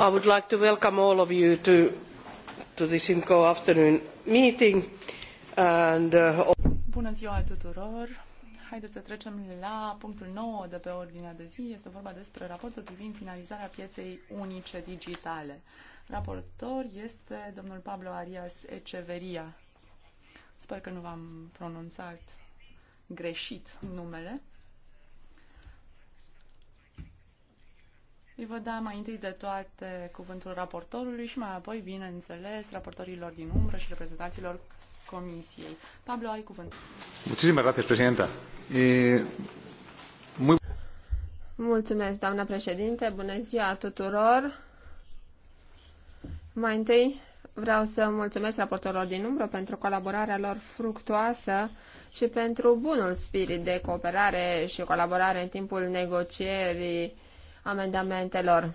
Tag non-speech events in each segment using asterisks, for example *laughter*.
I would like to welcome all of you to, this IMCO afternoon meeting. And, uh, Bună ziua tuturor! Haideți să trecem la punctul 9 de pe ordinea de zi. Este vorba despre raportul privind finalizarea pieței unice digitale. Raportor este domnul Pablo Arias Eceveria. Sper că nu v-am pronunțat greșit numele. Îi vă da mai întâi de toate cuvântul raportorului și mai apoi, bineînțeles, raportorilor din umbră și reprezentanților Comisiei. Pablo, ai cuvântul. Mulțumesc, gracias, președinte. Eh, muy... Mulțumesc, doamna președinte. Bună ziua tuturor. Mai întâi vreau să mulțumesc raportorilor din umbră pentru colaborarea lor fructoasă și pentru bunul spirit de cooperare și colaborare în timpul negocierii amendamentelor.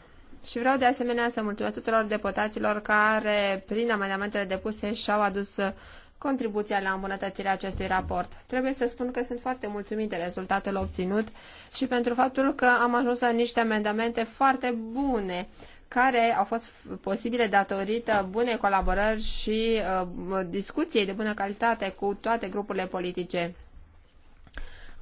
Și vreau de asemenea să mulțumesc tuturor deputaților care, prin amendamentele depuse, și-au adus contribuția la îmbunătățirea acestui raport. Trebuie să spun că sunt foarte mulțumit de rezultatul obținut și pentru faptul că am ajuns la niște amendamente foarte bune care au fost posibile datorită bunei colaborări și uh, discuției de bună calitate cu toate grupurile politice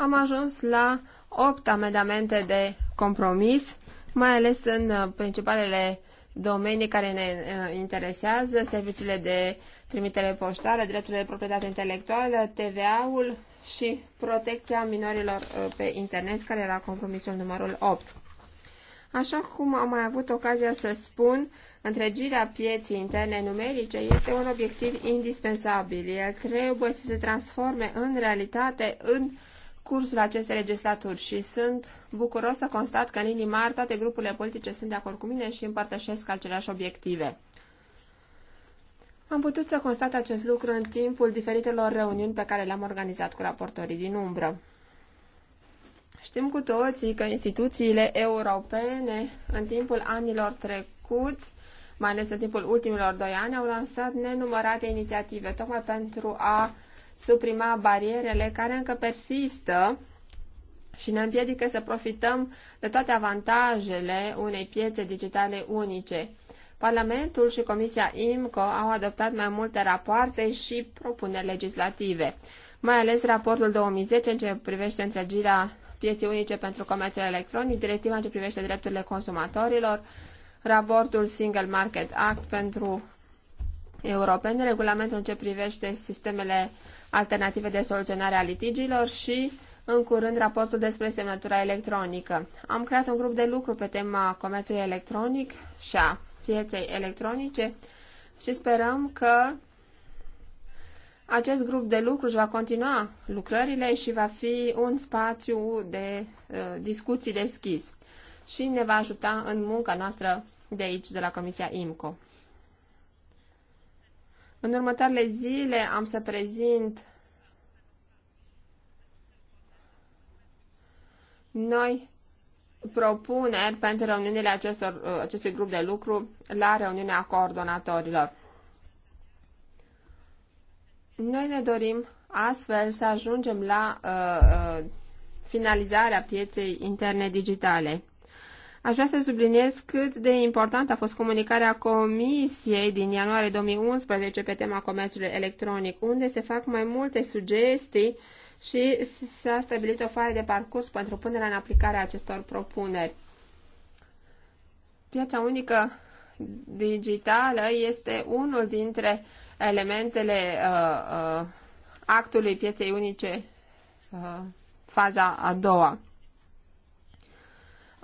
am ajuns la opt amendamente de compromis, mai ales în uh, principalele domenii care ne uh, interesează, serviciile de trimitere poștală, drepturile de proprietate intelectuală, TVA-ul și protecția minorilor uh, pe internet, care era compromisul numărul 8. Așa cum am mai avut ocazia să spun, întregirea pieții interne numerice este un obiectiv indispensabil. El trebuie să se transforme în realitate în uh, cursul acestei legislaturi și sunt bucuros să constat că în linii mari toate grupurile politice sunt de acord cu mine și împărtășesc aceleași obiective. Am putut să constat acest lucru în timpul diferitelor reuniuni pe care le-am organizat cu raportorii din umbră. Știm cu toții că instituțiile europene în timpul anilor trecuți, mai ales în timpul ultimilor doi ani, au lansat nenumărate inițiative tocmai pentru a suprima barierele care încă persistă și ne împiedică să profităm de toate avantajele unei piețe digitale unice. Parlamentul și Comisia IMCO au adoptat mai multe rapoarte și propuneri legislative, mai ales raportul 2010 în ce privește întregirea pieții unice pentru comerțul electronic, directiva în ce privește drepturile consumatorilor, raportul Single Market Act pentru europeni, regulamentul în ce privește sistemele alternative de soluționare a litigiilor și, în curând, raportul despre semnătura electronică. Am creat un grup de lucru pe tema comerțului electronic și a pieței electronice și sperăm că acest grup de lucru își va continua lucrările și va fi un spațiu de uh, discuții deschis și ne va ajuta în munca noastră de aici, de la Comisia IMCO. În următoarele zile am să prezint noi propuneri pentru reuniunile acestor, acestui grup de lucru la reuniunea coordonatorilor. Noi ne dorim astfel să ajungem la uh, uh, finalizarea pieței interne digitale. Aș vrea să subliniez cât de importantă a fost comunicarea Comisiei din ianuarie 2011 pe tema comerțului electronic, unde se fac mai multe sugestii și s-a stabilit o foaie de parcurs pentru punerea în aplicare a acestor propuneri. Piața unică digitală este unul dintre elementele uh, uh, actului pieței unice, uh, faza a doua.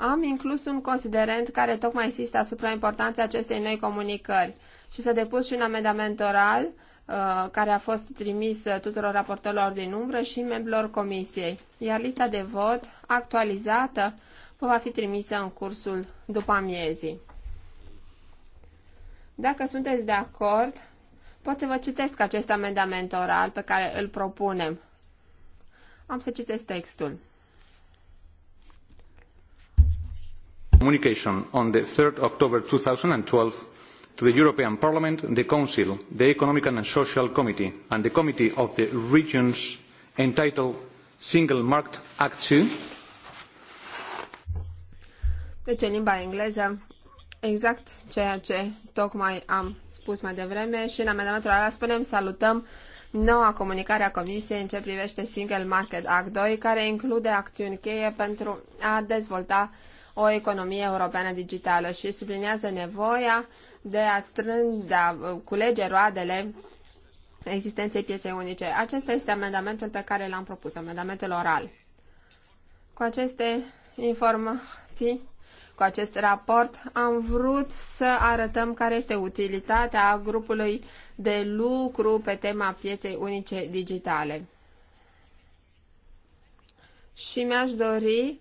Am inclus un considerent care tocmai insistă asupra importanței acestei noi comunicări și s-a depus și un amendament oral uh, care a fost trimis uh, tuturor raportorilor din umbră și membrilor comisiei, iar lista de vot actualizată va fi trimisă în cursul după amiezii. Dacă sunteți de acord, pot să vă citesc acest amendament oral pe care îl propunem. Am să citesc textul. communication on october 3 thousand and 2012 to the European Parliament, the Council, the Economic and Social Committee, and the Committee of the Regions entitled Single Market Act ii Deci în limba engleză, exact ceea ce tocmai am spus mai devreme și în amendamentul ăla spunem salutăm noua comunicare a Comisiei în ce privește Single Market Act 2, care include acțiuni cheie pentru a dezvolta o economie europeană digitală și sublinează nevoia de a strânge, de a uh, culege roadele existenței pieței unice. Acesta este amendamentul pe care l-am propus, amendamentul oral. Cu aceste informații, cu acest raport, am vrut să arătăm care este utilitatea grupului de lucru pe tema pieței unice digitale. Și mi-aș dori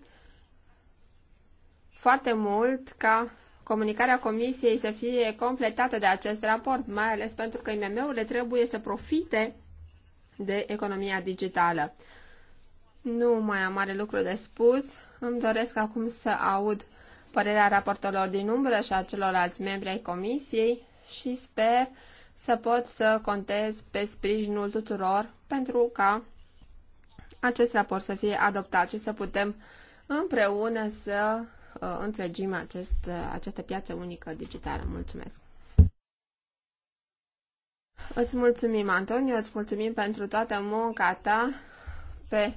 foarte mult ca comunicarea comisiei să fie completată de acest raport, mai ales pentru că IMM-urile trebuie să profite de economia digitală. Nu mai am mare lucru de spus. Îmi doresc acum să aud părerea raportorilor din umbră și a celorlalți membri ai comisiei și sper să pot să contez pe sprijinul tuturor pentru ca acest raport să fie adoptat și să putem împreună să Uh, întregime acest, uh, această piață unică digitală. Mulțumesc! Îți mulțumim, Antonio, îți mulțumim pentru toată munca ta pe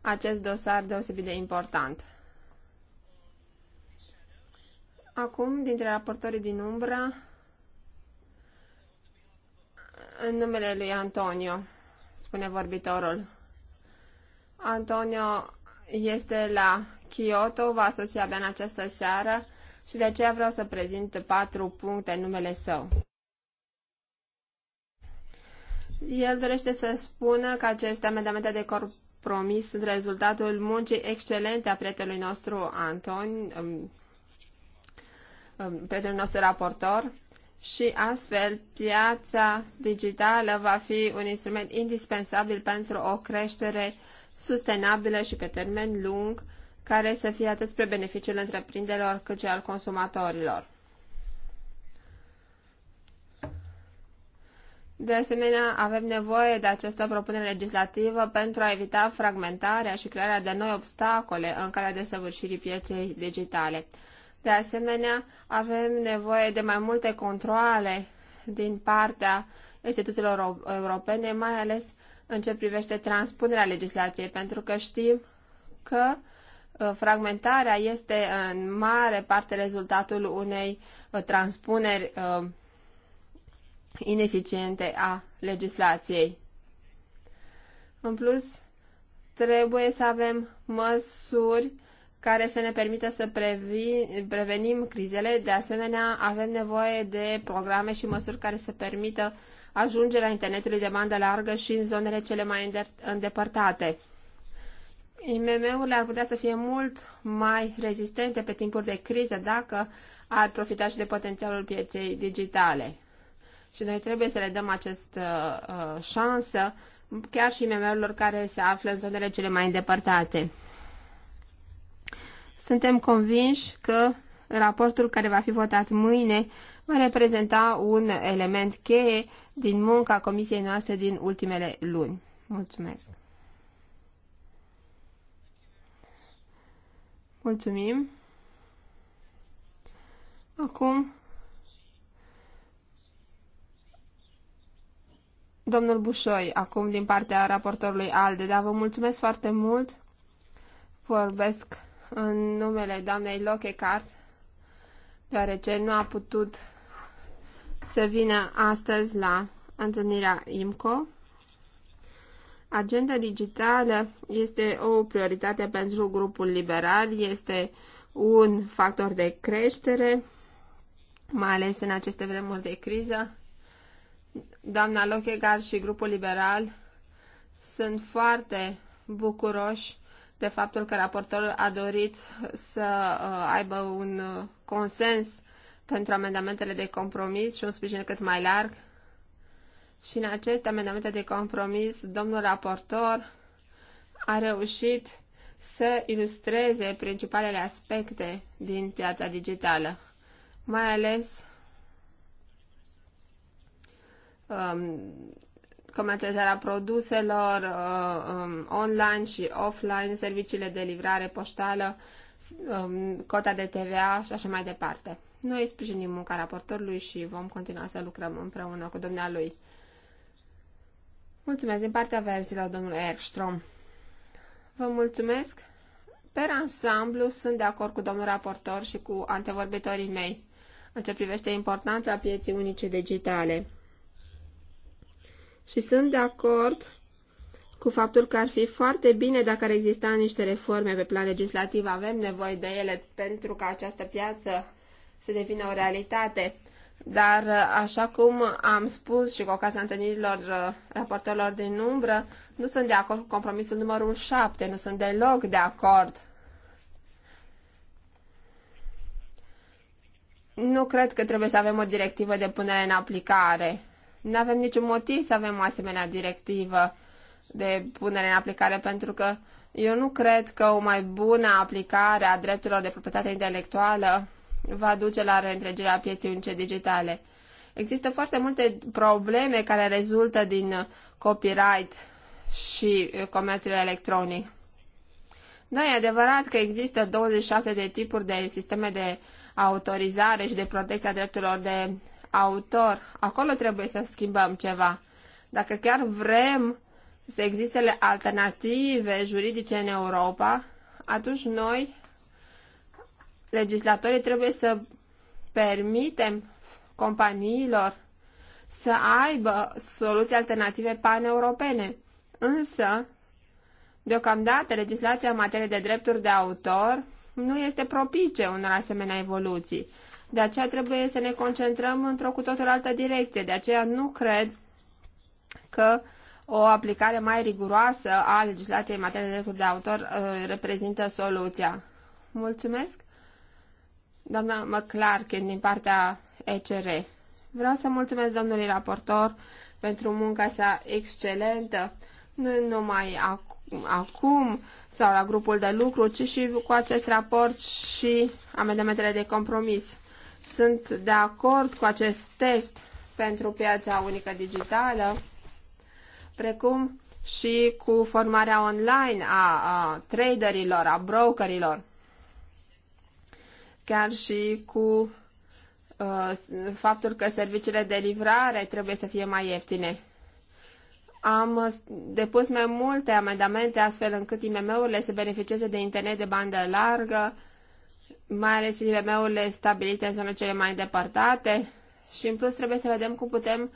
acest dosar deosebit de important. Acum, dintre raportorii din umbra, în numele lui Antonio, spune vorbitorul. Antonio este la Kyoto va sosi abia în această seară și de aceea vreau să prezint patru puncte în numele său. El dorește să spună că aceste amendamente de compromis sunt rezultatul muncii excelente a prietenului nostru Anton, um, um, prietenul nostru raportor, și astfel piața digitală va fi un instrument indispensabil pentru o creștere sustenabilă și pe termen lung care să fie atât spre beneficiul întreprinderilor cât și al consumatorilor. De asemenea, avem nevoie de această propunere legislativă pentru a evita fragmentarea și crearea de noi obstacole în calea desăvârșirii pieței digitale. De asemenea, avem nevoie de mai multe controle din partea instituțiilor europene, mai ales în ce privește transpunerea legislației, pentru că știm că Uh, fragmentarea este în mare parte rezultatul unei uh, transpuneri uh, ineficiente a legislației. În plus, trebuie să avem măsuri care să ne permită să previn, prevenim crizele. De asemenea, avem nevoie de programe și măsuri care să permită ajungerea internetului de bandă largă și în zonele cele mai îndepărtate. IMM-urile ar putea să fie mult mai rezistente pe timpuri de criză dacă ar profita și de potențialul pieței digitale. Și noi trebuie să le dăm această uh, uh, șansă chiar și IMM-urilor care se află în zonele cele mai îndepărtate. Suntem convinși că raportul care va fi votat mâine va reprezenta un element cheie din munca comisiei noastre din ultimele luni. Mulțumesc! Mulțumim. Acum, domnul Bușoi, acum din partea raportorului ALDE, dar vă mulțumesc foarte mult. Vorbesc în numele doamnei Lochecart, deoarece nu a putut să vină astăzi la întâlnirea IMCO. Agenda digitală este o prioritate pentru grupul liberal, este un factor de creștere, mai ales în aceste vremuri de criză. Doamna Lochegar și grupul liberal sunt foarte bucuroși de faptul că raportorul a dorit să uh, aibă un uh, consens pentru amendamentele de compromis și un sprijin cât mai larg și în aceste amendamente de compromis, domnul raportor a reușit să ilustreze principalele aspecte din piața digitală, mai ales um, comercializarea produselor uh, um, online și offline, serviciile de livrare poștală, um, cota de TVA și așa mai departe. Noi sprijinim munca raportorului și vom continua să lucrăm împreună cu dumnealui. Mulțumesc din partea verzilor, domnule Ekstrom. Vă mulțumesc. Per ansamblu sunt de acord cu domnul raportor și cu antevorbitorii mei în ce privește importanța pieții unice digitale. Și sunt de acord cu faptul că ar fi foarte bine dacă ar exista niște reforme pe plan legislativ. Avem nevoie de ele pentru ca această piață să devină o realitate. Dar, uh, așa cum am spus și cu ocazia întâlnirilor uh, raportorilor din umbră, nu sunt de acord cu compromisul numărul 7, nu sunt deloc de acord. Nu cred că trebuie să avem o directivă de punere în aplicare. Nu avem niciun motiv să avem o asemenea directivă de punere în aplicare, pentru că eu nu cred că o mai bună aplicare a drepturilor de proprietate intelectuală va duce la reîntregirea pieței unice digitale. Există foarte multe probleme care rezultă din copyright și comerțul electronic. Da, e adevărat că există 27 de tipuri de sisteme de autorizare și de protecția drepturilor de autor. Acolo trebuie să schimbăm ceva. Dacă chiar vrem să existe alternative juridice în Europa, atunci noi legislatorii trebuie să permitem companiilor să aibă soluții alternative paneuropene. Însă, deocamdată, legislația în materie de drepturi de autor nu este propice unor asemenea evoluții. De aceea trebuie să ne concentrăm într-o cu totul altă direcție. De aceea nu cred că o aplicare mai riguroasă a legislației în materie de drepturi de autor uh, reprezintă soluția. Mulțumesc! doamna McClarkin din partea ECR. Vreau să mulțumesc domnului raportor pentru munca sa excelentă, nu numai acum sau la grupul de lucru, ci și cu acest raport și amendamentele de compromis. Sunt de acord cu acest test pentru piața unică digitală, precum și cu formarea online a, a traderilor, a brokerilor chiar și cu uh, faptul că serviciile de livrare trebuie să fie mai ieftine. Am depus mai multe amendamente astfel încât IMM-urile să beneficieze de internet de bandă largă, mai ales IMM-urile stabilite în zonele cele mai îndepărtate și în plus trebuie să vedem cum putem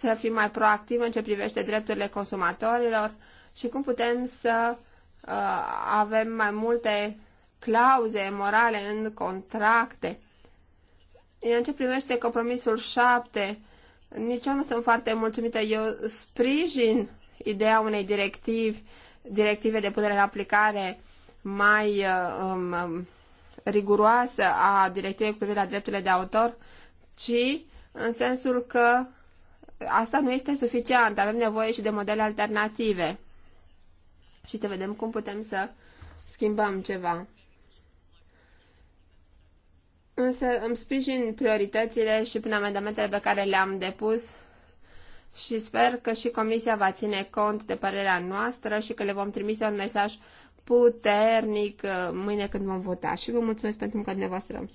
să fim mai proactivi în ce privește drepturile consumatorilor și cum putem să uh, avem mai multe clauze morale în contracte. În ce primește compromisul 7, nici eu nu sunt foarte mulțumită. Eu sprijin ideea unei directivi, directive de putere în aplicare mai um, um, riguroasă a directivei cu privire la drepturile de autor, ci în sensul că asta nu este suficient. Avem nevoie și de modele alternative. Și să vedem cum putem să schimbăm ceva. Însă îmi sprijin prioritățile și prin amendamentele pe care le-am depus și sper că și Comisia va ține cont de părerea noastră și că le vom trimite un mesaj puternic uh, mâine când vom vota. Și vă mulțumesc pentru munca dumneavoastră,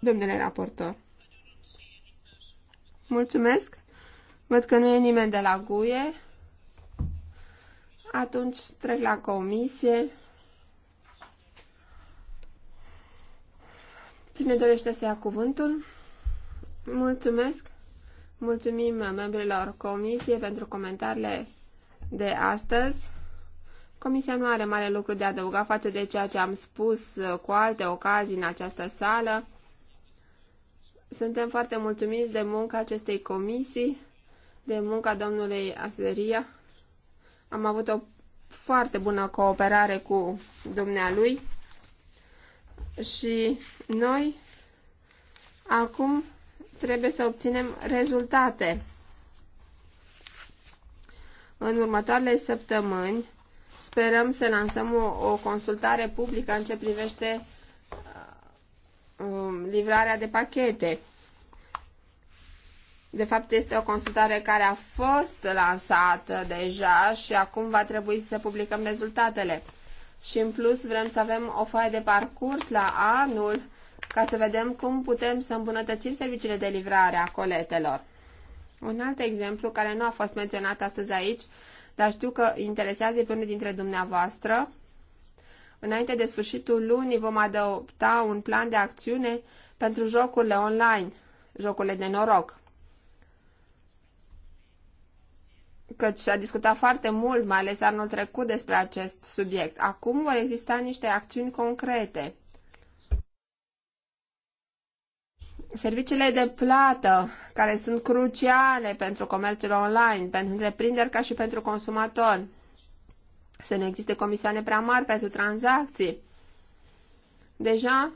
domnule raportor. Mulțumesc. Văd că nu e nimeni de la GUE. Atunci trec la comisie. Cine dorește să ia cuvântul? Mulțumesc! Mulțumim membrilor comisie pentru comentariile de astăzi. Comisia nu are mare lucru de adăugat față de ceea ce am spus cu alte ocazii în această sală. Suntem foarte mulțumiți de munca acestei comisii, de munca domnului Azeria. Am avut o foarte bună cooperare cu dumnealui și noi acum trebuie să obținem rezultate. În următoarele săptămâni sperăm să lansăm o, o consultare publică în ce privește uh, um, livrarea de pachete. De fapt, este o consultare care a fost lansată deja și acum va trebui să publicăm rezultatele și în plus vrem să avem o foaie de parcurs la anul ca să vedem cum putem să îmbunătățim serviciile de livrare a coletelor. Un alt exemplu care nu a fost menționat astăzi aici, dar știu că interesează pe unul dintre dumneavoastră. Înainte de sfârșitul lunii vom adopta un plan de acțiune pentru jocurile online, jocurile de noroc. căci s-a discutat foarte mult, mai ales anul trecut, despre acest subiect. Acum vor exista niște acțiuni concrete. Serviciile de plată, care sunt cruciale pentru comerțul online, pentru întreprinderi ca și pentru consumatori. Să nu existe comisioane prea mari pentru tranzacții. Deja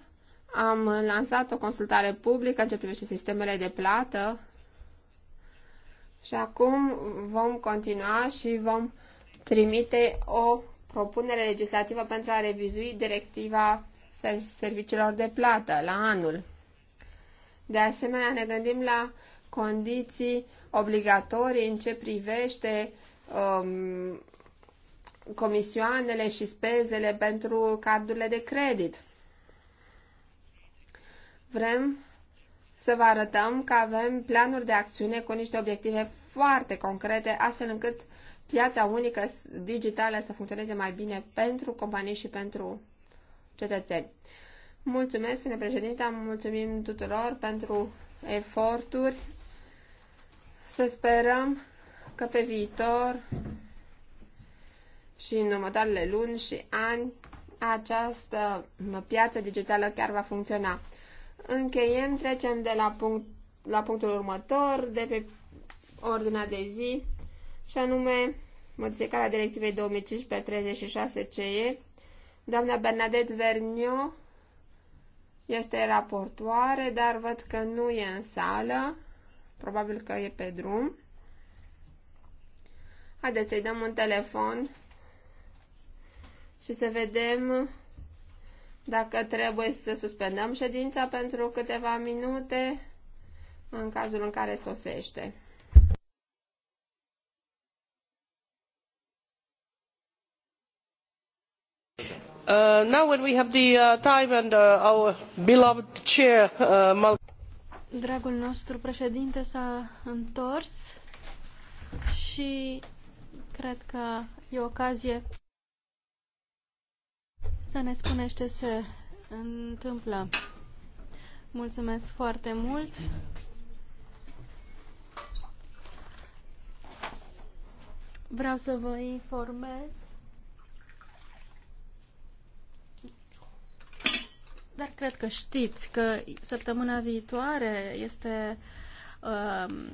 am lansat o consultare publică în ce privește sistemele de plată și acum vom continua și vom trimite o propunere legislativă pentru a revizui directiva serviciilor de plată la anul. De asemenea, ne gândim la condiții obligatorii în ce privește um, comisioanele și spezele pentru cardurile de credit. Vrem să vă arătăm că avem planuri de acțiune cu niște obiective foarte concrete, astfel încât piața unică digitală să funcționeze mai bine pentru companii și pentru cetățeni. Mulțumesc, bine președinte, mulțumim tuturor pentru eforturi. Să sperăm că pe viitor și în următoarele luni și ani această piață digitală chiar va funcționa. Încheiem, trecem de la, punct, la punctul următor, de pe ordinea de zi, și anume modificarea directivei 2015-36 CE. Doamna Bernadette Vernio este raportoare, dar văd că nu e în sală, probabil că e pe drum. Haideți să-i dăm un telefon și să vedem dacă trebuie să suspendăm ședința pentru câteva minute, în cazul în care sosește. Uh, now when we have the uh, time and uh, our beloved chair uh, Mal Dragul nostru președinte s-a întors și cred că e ocazie să ne spuneți ce se întâmplă. Mulțumesc foarte mult. Vreau să vă informez Dar cred că știți că săptămâna viitoare este uh,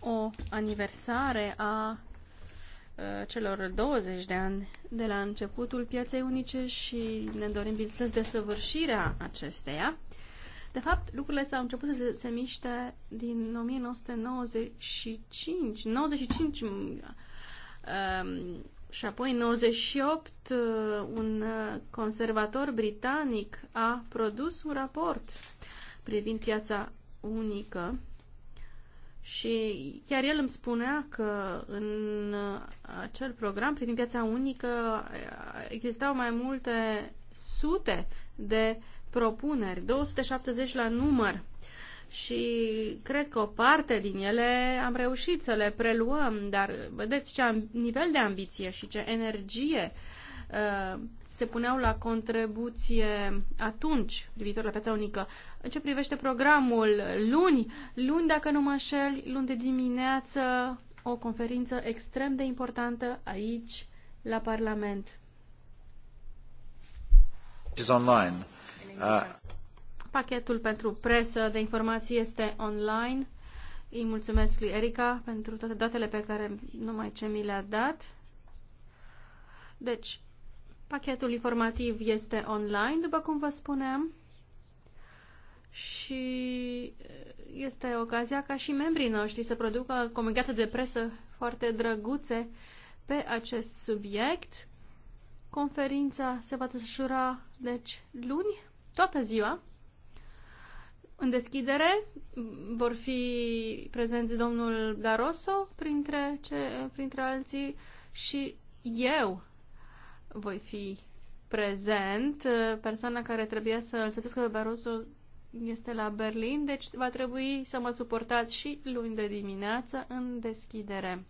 o aniversare a Uh, celor 20 de ani de la începutul pieței unice și ne dorim, bineînțeles, desăvârșirea acesteia. De fapt, lucrurile s-au început să se, se miște din 1995, 95 uh, um, și apoi în 98 uh, un conservator britanic a produs un raport privind piața unică și chiar el îmi spunea că în acel program, prin viața unică, existau mai multe sute de propuneri, 270 la număr. Și cred că o parte din ele am reușit să le preluăm, dar vedeți ce nivel de ambiție și ce energie uh, se puneau la contribuție atunci, privitor la piața unică. În ce privește programul luni, luni, dacă nu mă înșel, luni de dimineață, o conferință extrem de importantă aici, la Parlament. Online. Uh. Pachetul pentru presă de informații este online. Îi mulțumesc lui Erica pentru toate datele pe care numai ce mi le-a dat. Deci, Pachetul informativ este online, după cum vă spuneam, și este ocazia ca și membrii noștri să producă comunicate de presă foarte drăguțe pe acest subiect. Conferința se va desfășura, deci, luni, toată ziua. În deschidere vor fi prezenți domnul Daroso, printre, ce, printre alții, și eu voi fi prezent. Persoana care trebuia să îl soțească pe Barroso este la Berlin, deci va trebui să mă suportați și luni de dimineață în deschidere.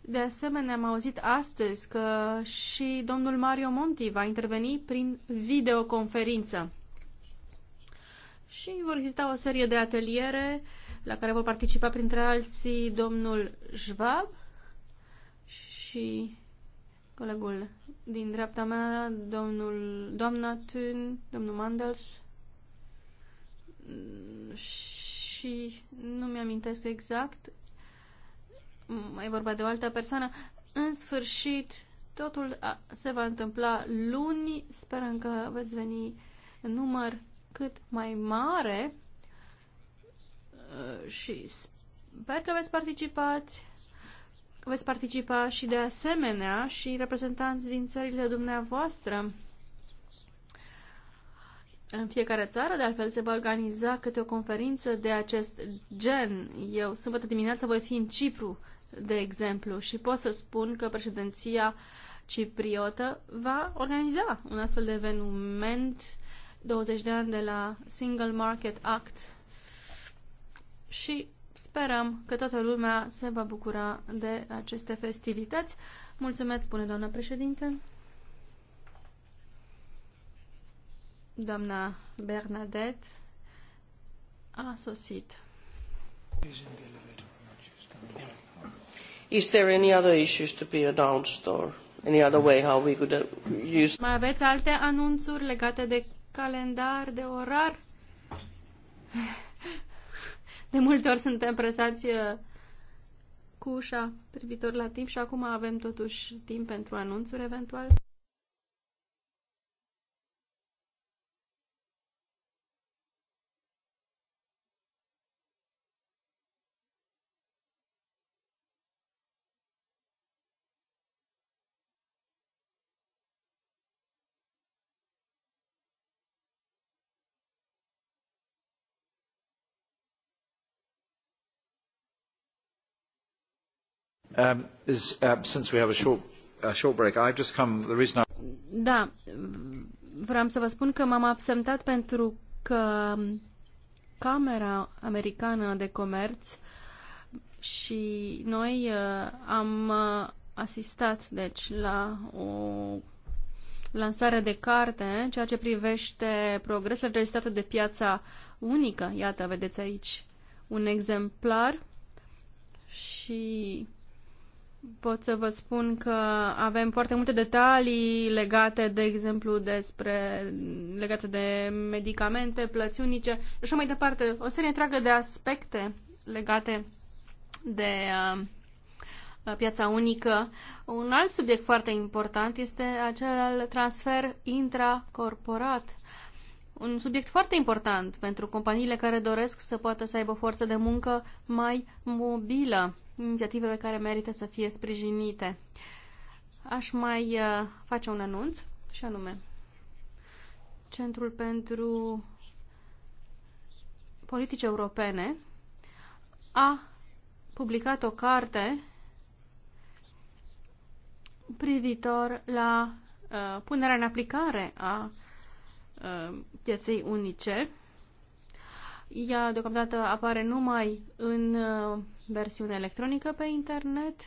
De asemenea, am auzit astăzi că și domnul Mario Monti va interveni prin videoconferință. Și vor exista o serie de ateliere la care vor participa printre alții domnul Schwab și Colegul din dreapta mea, domnul, doamna Thun, domnul Mandels și nu mi-amintesc exact, Mai vorba de o altă persoană. În sfârșit, totul se va întâmpla luni, sperăm că veți veni în număr cât mai mare uh, și sper că veți participați veți participa și de asemenea și reprezentanți din țările dumneavoastră. În fiecare țară, de altfel, se va organiza câte o conferință de acest gen. Eu, sâmbătă dimineața, voi fi în Cipru, de exemplu, și pot să spun că președinția cipriotă va organiza un astfel de eveniment 20 de ani de la Single Market Act și Sperăm că toată lumea se va bucura de aceste festivități. Mulțumesc, spune doamna președinte. Doamna Bernadette a sosit. Is there any other issues to be announced or any other way how we could uh, use... Mai aveți alte anunțuri legate de calendar, de orar? De multe ori suntem presați uh, cu ușa privitor la timp și acum avem totuși timp pentru anunțuri eventual. Um, is, uh, since we have a short, a short break, I've just come, the reason I... Da, vreau să vă spun că m-am absentat pentru că um, Camera Americană de Comerț și noi uh, am uh, asistat, deci, la o lansare de carte în ceea ce privește progresul registrat de piața unică. Iată, vedeți aici un exemplar și Pot să vă spun că avem foarte multe detalii legate, de exemplu, despre legate de medicamente, plăți unice și așa mai departe. O serie întreagă de aspecte legate de uh, piața unică. Un alt subiect foarte important este acel al transfer intracorporat. Un subiect foarte important pentru companiile care doresc să poată să aibă forță de muncă mai mobilă inițiativele care merită să fie sprijinite. Aș mai uh, face un anunț și anume Centrul pentru Politici Europene a publicat o carte privitor la uh, punerea în aplicare a uh, pieței unice. Ea deocamdată apare numai în uh, versiune electronică pe internet.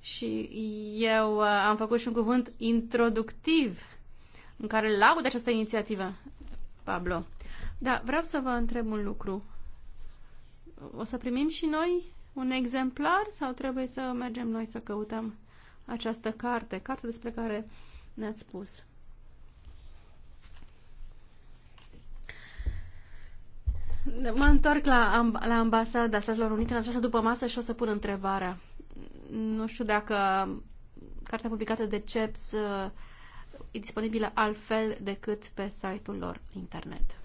Și eu uh, am făcut și un cuvânt introductiv în care laud această inițiativă, Pablo. Da, vreau să vă întreb un lucru. O să primim și noi un exemplar sau trebuie să mergem noi să căutăm această carte, carte despre care ne-ați spus? Mă întorc la, la ambasada Statelor Unite în această după masă și o să pun întrebarea. Nu știu dacă cartea publicată de CEPS uh, e disponibilă altfel decât pe site-ul lor internet.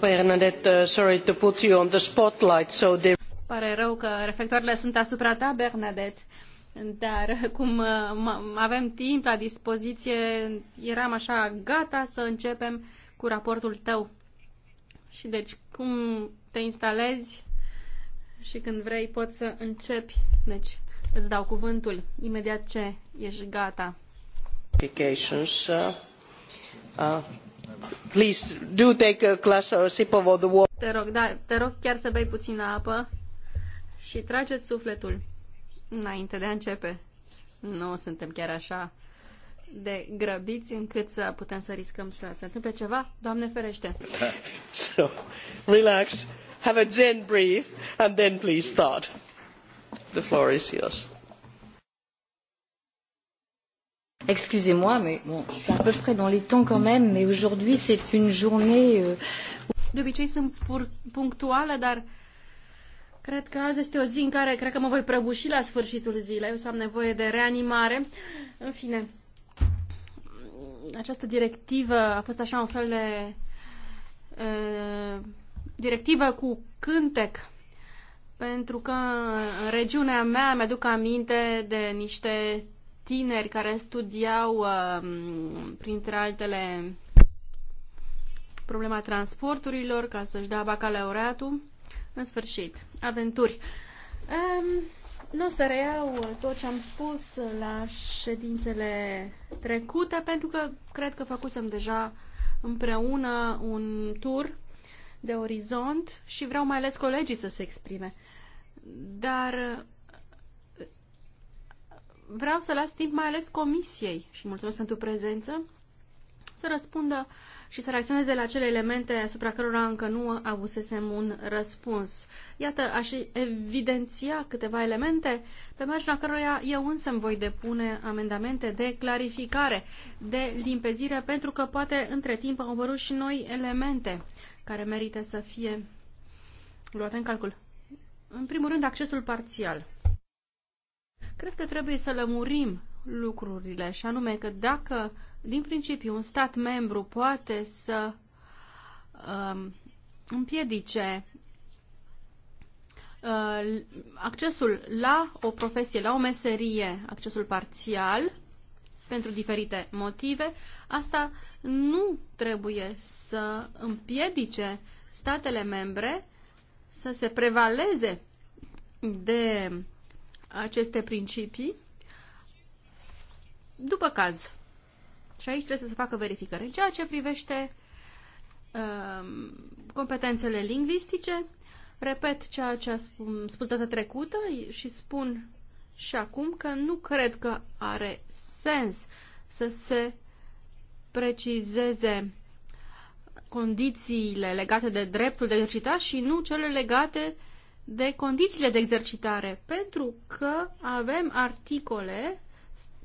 Bernadette, uh, sorry to put you on the spotlight. Pare rău că reflectoarele sunt asupra ta, Bernadette. Dar cum uh, avem timp la dispoziție, eram așa gata să începem cu raportul tău. Și deci cum te instalezi și când vrei poți să începi. Deci îți dau cuvântul imediat ce ești gata. uh. uh Please do take a glass or a sip of the water. Te rog, da, te rog chiar să bei puțină apă și trageți sufletul înainte de a începe. Nu suntem chiar așa de grăbiți încât să putem să riscăm să se întâmple ceva. Doamne ferește! *laughs* So, relax, have a zen breath and then please start. The floor is yours. Excusez-moi, mais bon, je suis à peu près dans les temps quand même, mais aujourd'hui c'est une journée... Euh, de obicei sunt punctuală, dar cred că azi este o zi în care cred că mă voi prăbuși la sfârșitul zilei, o să am nevoie de reanimare. În fine, această directivă a fost așa un fel de uh, directivă cu cântec pentru că în regiunea mea mi-aduc aminte de niște tineri care studiau, um, printre altele, problema transporturilor ca să-și dea bacalaureatul. În sfârșit, aventuri. Um, nu o să reiau tot ce am spus la ședințele trecute, pentru că cred că făcusem deja împreună un tur de orizont și vreau mai ales colegii să se exprime. Dar vreau să las timp mai ales comisiei și mulțumesc pentru prezență să răspundă și să reacționeze la cele elemente asupra cărora încă nu avusesem un răspuns. Iată, aș evidenția câteva elemente pe marginea cărora eu însă îmi voi depune amendamente de clarificare, de limpezire, pentru că poate între timp au apărut și noi elemente care merită să fie luate în calcul. În primul rând, accesul parțial. Cred că trebuie să lămurim lucrurile și anume că dacă din principiu un stat membru poate să um, împiedice uh, accesul la o profesie, la o meserie, accesul parțial, pentru diferite motive, asta nu trebuie să împiedice statele membre să se prevaleze de aceste principii după caz. Și aici trebuie să se facă verificări. În ceea ce privește uh, competențele lingvistice, repet ceea ce a spus data trecută și spun și acum că nu cred că are sens să se precizeze condițiile legate de dreptul de exercita și nu cele legate de condițiile de exercitare, pentru că avem articole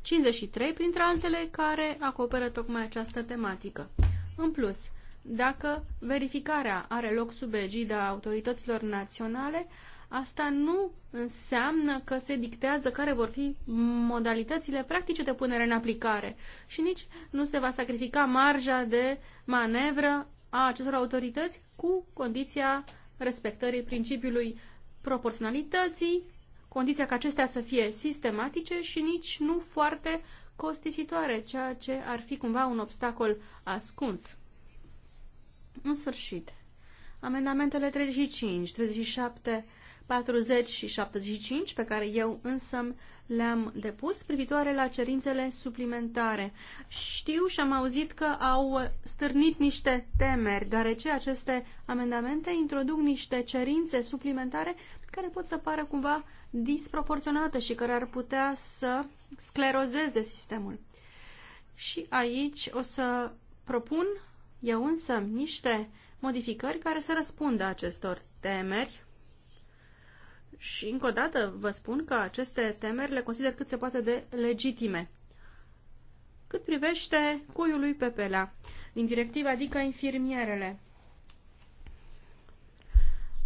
53, printre altele, care acoperă tocmai această tematică. În plus, dacă verificarea are loc sub egida autorităților naționale, asta nu înseamnă că se dictează care vor fi modalitățile practice de punere în aplicare și nici nu se va sacrifica marja de manevră a acestor autorități cu condiția respectării principiului proporționalității, condiția ca acestea să fie sistematice și nici nu foarte costisitoare, ceea ce ar fi cumva un obstacol ascuns. În sfârșit, amendamentele 35, 37, 40 și 75 pe care eu însă le-am depus privitoare la cerințele suplimentare. Știu și am auzit că au stârnit niște temeri, deoarece aceste amendamente introduc niște cerințe suplimentare care pot să pară cumva disproporționate și care ar putea să sclerozeze sistemul. Și aici o să propun eu însă niște modificări care să răspundă acestor temeri și încă o dată vă spun că aceste temeri le consider cât se poate de legitime. Cât privește cuiul lui Pepela, din directiva adică infirmierele,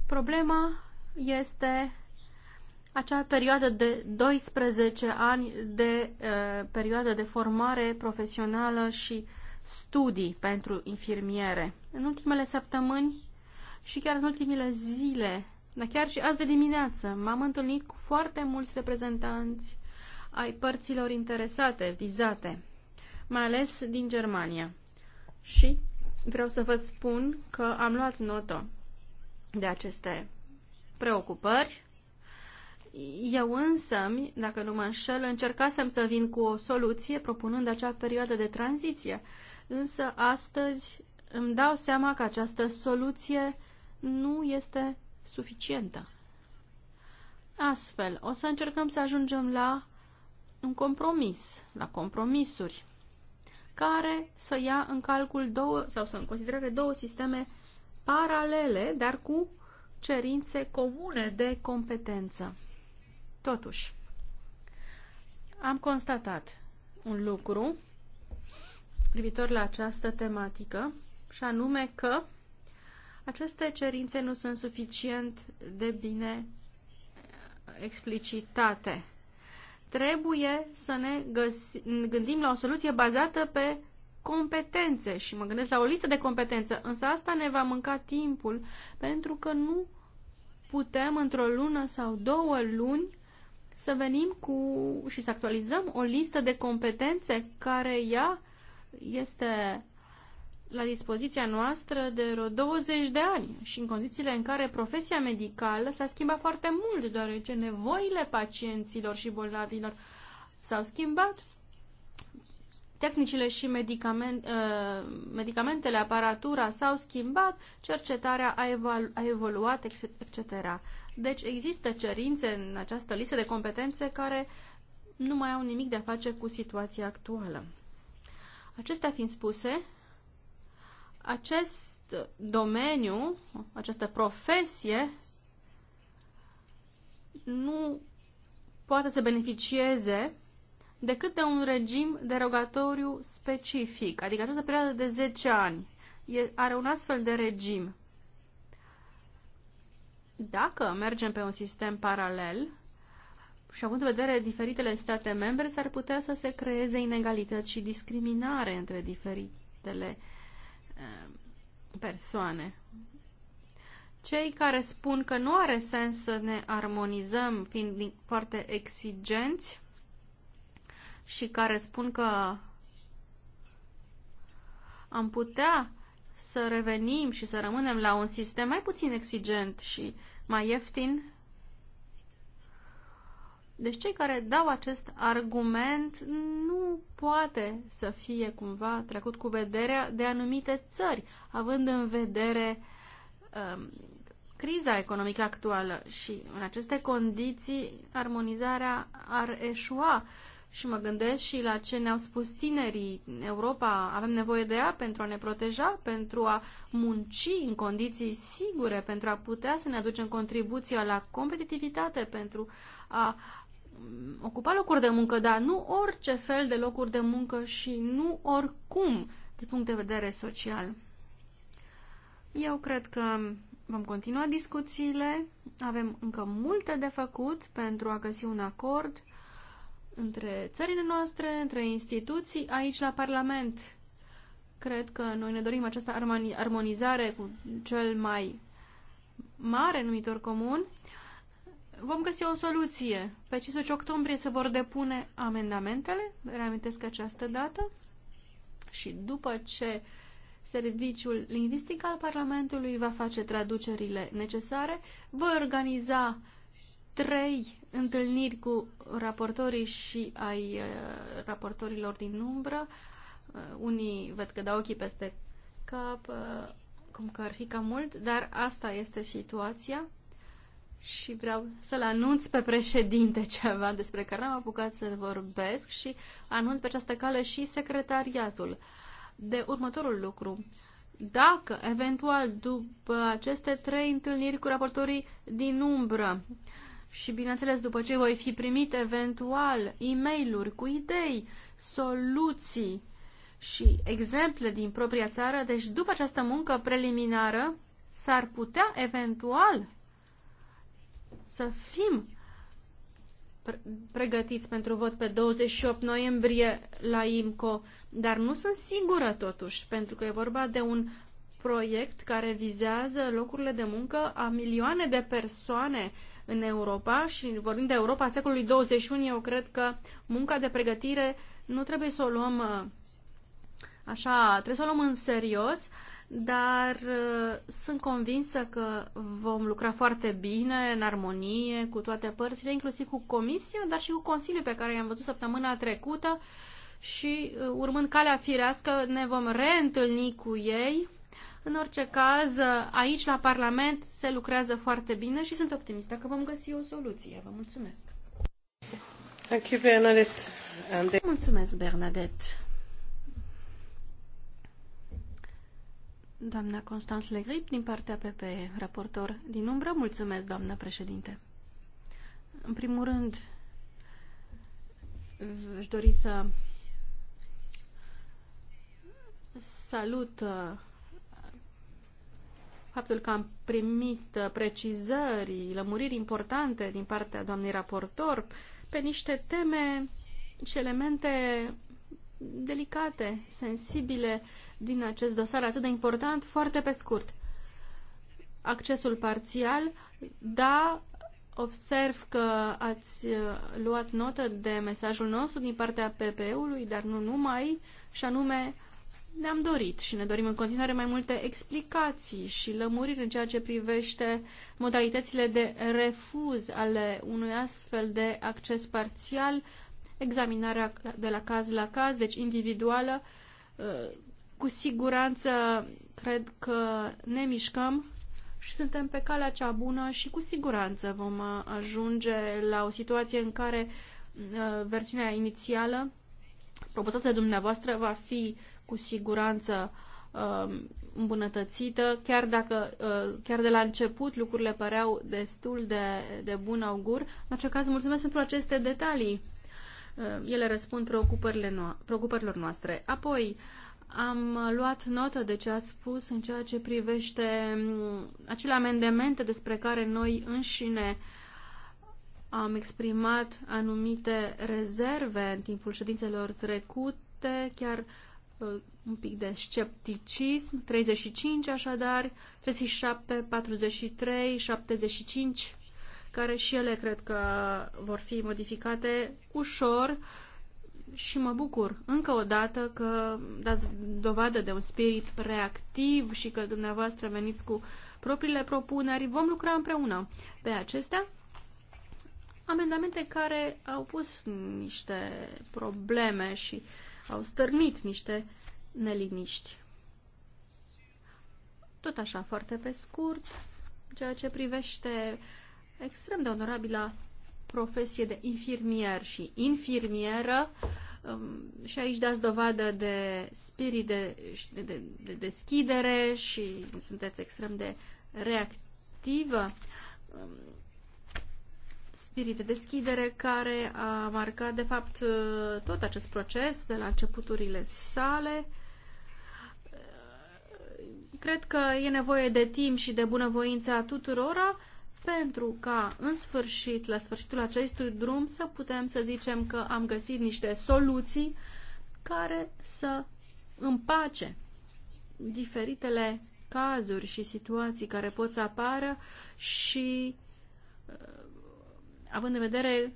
problema este acea perioadă de 12 ani de uh, perioadă de formare profesională și studii pentru infirmiere. În ultimele săptămâni și chiar în ultimile zile dar chiar și azi de dimineață m-am întâlnit cu foarte mulți reprezentanți ai părților interesate, vizate, mai ales din Germania. Și vreau să vă spun că am luat notă de aceste preocupări. Eu însă, dacă nu mă înșel, încercasem să vin cu o soluție propunând acea perioadă de tranziție. Însă astăzi îmi dau seama că această soluție nu este suficientă. Astfel, o să încercăm să ajungem la un compromis, la compromisuri, care să ia în calcul două, sau să în considerare două sisteme paralele, dar cu cerințe comune de competență. Totuși, am constatat un lucru privitor la această tematică, și anume că aceste cerințe nu sunt suficient de bine uh, explicitate. Trebuie să ne găsi, gândim la o soluție bazată pe competențe și mă gândesc la o listă de competență, însă asta ne va mânca timpul pentru că nu putem într-o lună sau două luni să venim cu și să actualizăm o listă de competențe care ea este la dispoziția noastră de vreo 20 de ani și în condițiile în care profesia medicală s-a schimbat foarte mult, deoarece nevoile pacienților și bolnavilor s-au schimbat. Tehnicile și medicament, uh, medicamentele, aparatura s-au schimbat, cercetarea a, evolu- a evoluat, etc. Deci există cerințe în această listă de competențe care nu mai au nimic de a face cu situația actuală. Acestea fiind spuse, acest domeniu, această profesie, nu poate să beneficieze decât de un regim derogatoriu specific, adică această perioadă de 10 ani are un astfel de regim. Dacă mergem pe un sistem paralel și având în vedere diferitele state membre, s-ar putea să se creeze inegalități și discriminare între diferitele Um, persoane. Cei care spun că nu are sens să ne armonizăm, fiind foarte exigenți, și care spun că am putea să revenim și să rămânem la un sistem mai puțin exigent și mai ieftin, deci cei care dau acest argument nu poate să fie cumva trecut cu vederea de anumite țări, având în vedere um, criza economică actuală și în aceste condiții armonizarea ar eșua. Și mă gândesc și la ce ne-au spus tinerii. Europa avem nevoie de ea pentru a ne proteja, pentru a munci în condiții sigure, pentru a putea să ne aducem contribuția la competitivitate, pentru a ocupa locuri de muncă, dar nu orice fel de locuri de muncă și nu oricum din punct de vedere social. Eu cred că vom continua discuțiile, avem încă multe de făcut pentru a găsi un acord între țările noastre, între instituții, aici la Parlament. Cred că noi ne dorim această armonizare cu cel mai mare numitor comun vom găsi o soluție. Pe 15 octombrie se vor depune amendamentele, reamintesc această dată, și după ce Serviciul Lingvistic al Parlamentului va face traducerile necesare, voi organiza trei întâlniri cu raportorii și ai uh, raportorilor din umbră. Uh, unii văd că dau ochii peste cap, uh, cum că ar fi cam mult, dar asta este situația și vreau să-l anunț pe președinte *laughs* ceva despre care am apucat să vorbesc și anunț pe această cale și secretariatul de următorul lucru. Dacă, eventual, după aceste trei întâlniri cu raportorii din umbră și, bineînțeles, după ce voi fi primit eventual e mail cu idei, soluții și exemple din propria țară, deci după această muncă preliminară, s-ar putea eventual să fim pregătiți pentru vot pe 28 noiembrie la IMCO, dar nu sunt sigură totuși, pentru că e vorba de un proiect care vizează locurile de muncă a milioane de persoane în Europa și vorbind de Europa secolului 21, eu cred că munca de pregătire nu trebuie să o luăm uh, așa, trebuie să o luăm în serios dar uh, sunt convinsă că vom lucra foarte bine, în armonie, cu toate părțile, inclusiv cu Comisia, dar și cu Consiliul pe care i-am văzut săptămâna trecută și, uh, urmând calea firească, ne vom reîntâlni cu ei. În orice caz, uh, aici, la Parlament, se lucrează foarte bine și sunt optimistă că vom găsi o soluție. Vă mulțumesc! Thank you, Bernadette. Mulțumesc, Bernadette! Doamna Constanț Legrip, din partea PPE, raportor din umbră, mulțumesc, doamnă președinte. În primul rând, își dori să salut uh, faptul că am primit uh, precizări, lămuriri importante din partea doamnei raportor pe niște teme și elemente delicate, sensibile, din acest dosar atât de important, foarte pe scurt. Accesul parțial, da, observ că ați uh, luat notă de mesajul nostru din partea PPE-ului, dar nu numai, și anume ne-am dorit și ne dorim în continuare mai multe explicații și lămuriri în ceea ce privește modalitățile de refuz ale unui astfel de acces parțial, examinarea de la caz la caz, deci individuală, uh, cu siguranță cred că ne mișcăm și suntem pe calea cea bună și cu siguranță vom ajunge la o situație în care uh, versiunea inițială propusată de dumneavoastră va fi cu siguranță uh, îmbunătățită, chiar dacă uh, chiar de la început lucrurile păreau destul de, de bun augur. În orice caz, mulțumesc pentru aceste detalii. Ele răspund preocupările preocupărilor noastre. Apoi, am luat notă de ce ați spus în ceea ce privește mm, acele amendamente despre care noi înșine am exprimat anumite rezerve în timpul ședințelor trecute, chiar uh, un pic de scepticism, 35 așadar, 37, 43, 75, care și ele cred că vor fi modificate ușor și mă bucur încă o dată că dați dovadă de un spirit reactiv și că dumneavoastră veniți cu propriile propuneri. Vom lucra împreună pe acestea. Amendamente care au pus niște probleme și au stârnit niște neliniști. Tot așa, foarte pe scurt, ceea ce privește extrem de onorabila profesie de infirmier și infirmieră um, și aici dați dovadă de spirit de, de, de, de deschidere și sunteți extrem de reactivă. Um, spirit de deschidere care a marcat, de fapt, uh, tot acest proces de la începuturile sale. Uh, cred că e nevoie de timp și de bunăvoința tuturora pentru ca, în sfârșit, la sfârșitul acestui drum, să putem să zicem că am găsit niște soluții care să împace diferitele cazuri și situații care pot să apară și uh, având în vedere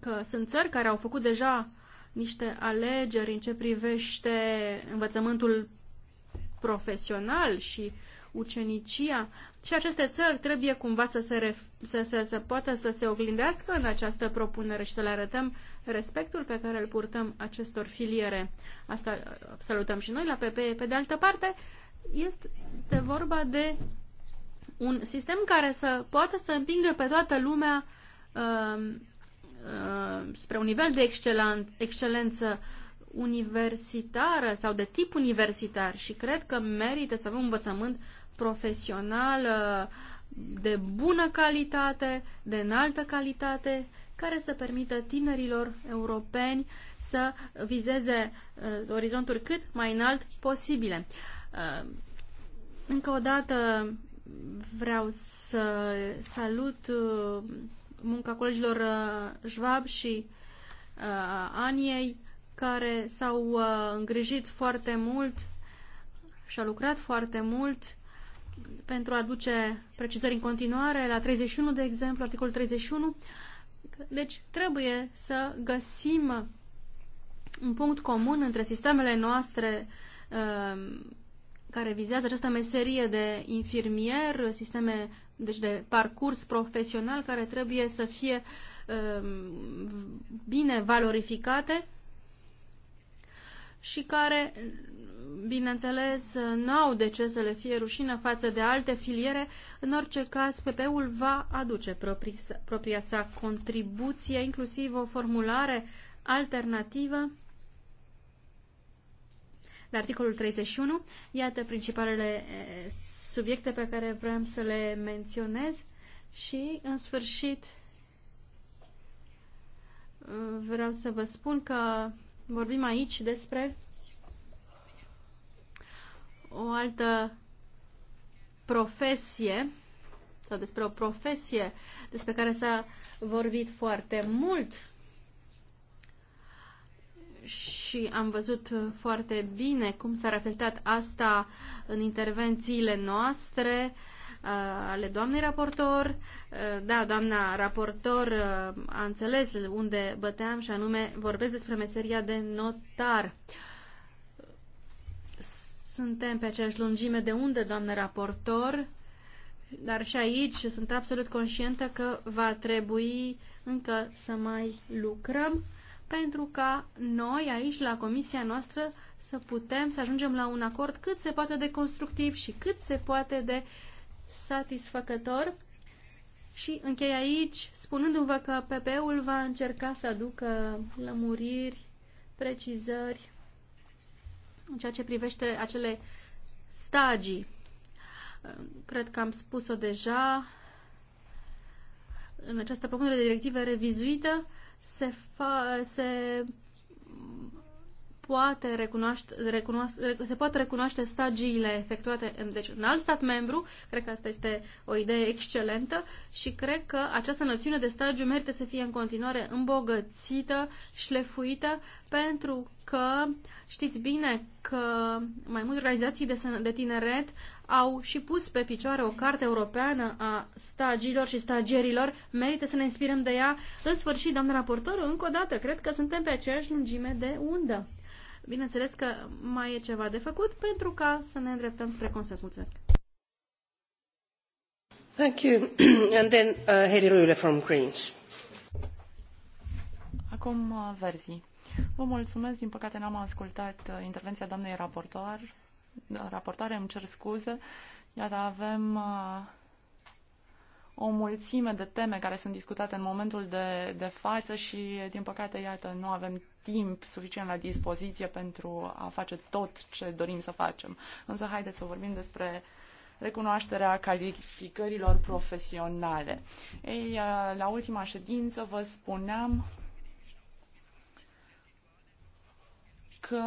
că sunt țări care au făcut deja niște alegeri în ce privește învățământul profesional și ucenicia și aceste țări trebuie cumva să se, ref, să, să, să poată să se oglindească în această propunere și să le arătăm respectul pe care îl purtăm acestor filiere. Asta uh, salutăm și noi la PPE. Pe de altă parte, este vorba de un sistem care să poată să împingă pe toată lumea uh, uh, spre un nivel de excelent excelență universitară sau de tip universitar și cred că merită să avem învățământ profesională de bună calitate, de înaltă calitate, care să permită tinerilor europeni să vizeze uh, orizonturi cât mai înalt posibile. Uh, încă o dată vreau să salut uh, munca colegilor uh, Schwab și uh, Aniei, care s-au uh, îngrijit foarte mult și au lucrat foarte mult pentru a aduce precizări în continuare la 31, de exemplu, articolul 31. Deci trebuie să găsim un punct comun între sistemele noastre um, care vizează această meserie de infirmier, sisteme deci de parcurs profesional care trebuie să fie um, bine valorificate și care, bineînțeles, n-au de ce să le fie rușină față de alte filiere. În orice caz, PP-ul va aduce propria sa contribuție, inclusiv o formulare alternativă la articolul 31. Iată principalele eh, subiecte pe care vrem să le menționez și, în sfârșit, eh, vreau să vă spun că Vorbim aici despre o altă profesie sau despre o profesie despre care s-a vorbit foarte mult și am văzut foarte bine cum s-a reflectat asta în intervențiile noastre uh, ale doamnei raportor. Da, doamna raportor a înțeles unde băteam și anume vorbesc despre meseria de notar. Suntem pe aceeași lungime de unde, doamnă raportor, dar și aici sunt absolut conștientă că va trebui încă să mai lucrăm pentru ca noi aici la comisia noastră să putem să ajungem la un acord cât se poate de constructiv și cât se poate de uh, satisfăcător și închei aici spunându-vă că PP-ul va încerca să aducă lămuriri, precizări în ceea ce privește acele stagii. Cred că am spus-o deja în această propunere de directivă revizuită se, fa- se poate recunoaște, recunoaște, se poate recunoaște stagiile efectuate în, deci, în alt stat membru. Cred că asta este o idee excelentă și cred că această noțiune de stagiu merită să fie în continuare îmbogățită, șlefuită, pentru că știți bine că mai multe organizații de, de tineret au și pus pe picioare o carte europeană a stagiilor și stagierilor. Merită să ne inspirăm de ea. În sfârșit, doamnă raportor, încă o dată, cred că suntem pe aceeași lungime de undă. Bineînțeles că mai e ceva de făcut pentru ca să ne îndreptăm spre consens. Mulțumesc! Thank you. *clears throat* And then uh, Hedy Rule from Greens. Acum uh, verzii. Vă mulțumesc, din păcate n-am ascultat uh, intervenția doamnei raportoare. Raportoare, îmi cer scuze. Iată, avem uh, o mulțime de teme care sunt discutate în momentul de, de față și, din păcate, iată, nu avem timp suficient la dispoziție pentru a face tot ce dorim să facem. Însă, haideți să vorbim despre recunoașterea calificărilor profesionale. Ei, uh, la ultima ședință vă spuneam că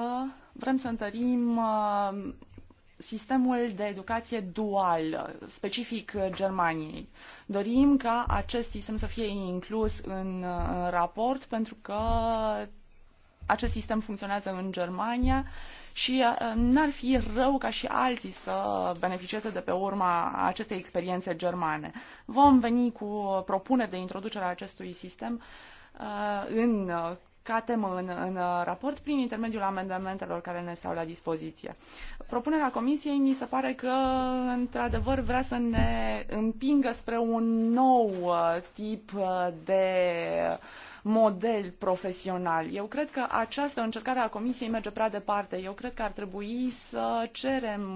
vrem să întărim uh, sistemul de educație dual, specific Germaniei. Dorim ca acest sistem să fie inclus în raport pentru că acest sistem funcționează în Germania și uh, n-ar fi rău ca și alții să beneficieze de pe urma acestei experiențe germane. Vom veni cu propuneri de introducere a acestui sistem uh, în ca temă în, în uh, raport prin intermediul amendamentelor care ne stau la dispoziție. Propunerea Comisiei mi se pare că, într-adevăr, vrea să ne împingă spre un nou uh, tip uh, de model profesional. Eu cred că această încercare a Comisiei merge prea departe. Eu cred că ar trebui să cerem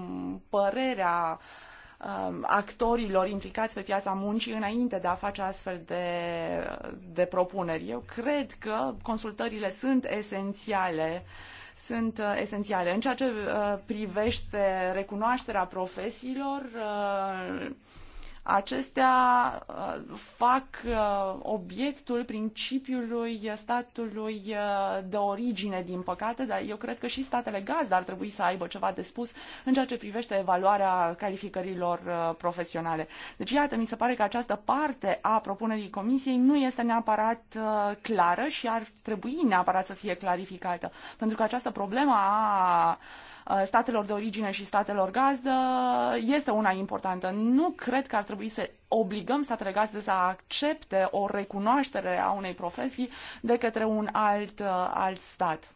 părerea uh, Um, actorilor implicați pe piața muncii înainte de a face astfel de, de propuneri. Eu cred că consultările sunt esențiale sunt uh, esențiale. În ceea ce uh, privește recunoașterea profesiilor, uh, acestea uh, fac uh, obiectul principiului statului uh, de origine, din păcate, dar eu cred că și statele gazdă ar trebui să aibă ceva de spus în ceea ce privește evaluarea calificărilor profesionale. Deci, iată, mi se pare că această parte a propunerii Comisiei nu este neapărat clară și ar trebui neapărat să fie clarificată, pentru că această problemă a Uh, statelor de origine și statelor gazdă este una importantă. Nu cred că ar trebui să obligăm statele gazdă să accepte o recunoaștere a unei profesii de către un alt, uh, alt stat.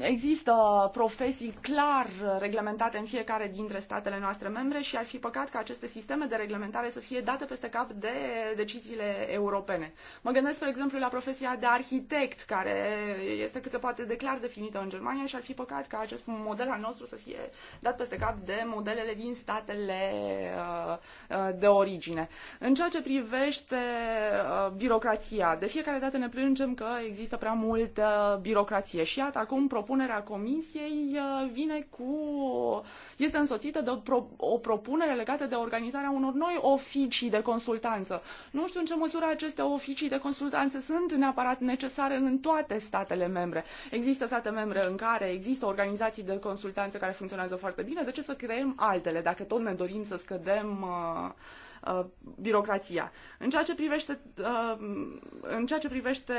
Există profesii clar reglementate în fiecare dintre statele noastre membre și ar fi păcat ca aceste sisteme de reglementare să fie date peste cap de deciziile europene. Mă gândesc, spre exemplu, la profesia de arhitect, care este cât se poate de clar definită în Germania și ar fi păcat ca acest model al nostru să fie dat peste cap de modelele din statele uh, uh, de origine. În ceea ce privește uh, birocrația, de fiecare dată ne plângem că există prea multă birocrație și iată acum propunerea comisiei uh, vine cu, este însoțită de pro, o propunere legată de organizarea unor noi oficii de consultanță. Nu știu în ce măsură aceste oficii de consultanță sunt neapărat necesare în toate statele membre. Există state membre în care există organizații de consultanță care funcționează foarte bine, de ce să creăm altele dacă tot ne dorim să scădem uh, Uh, birocrația. În ceea ce privește, uh, în ceea ce privește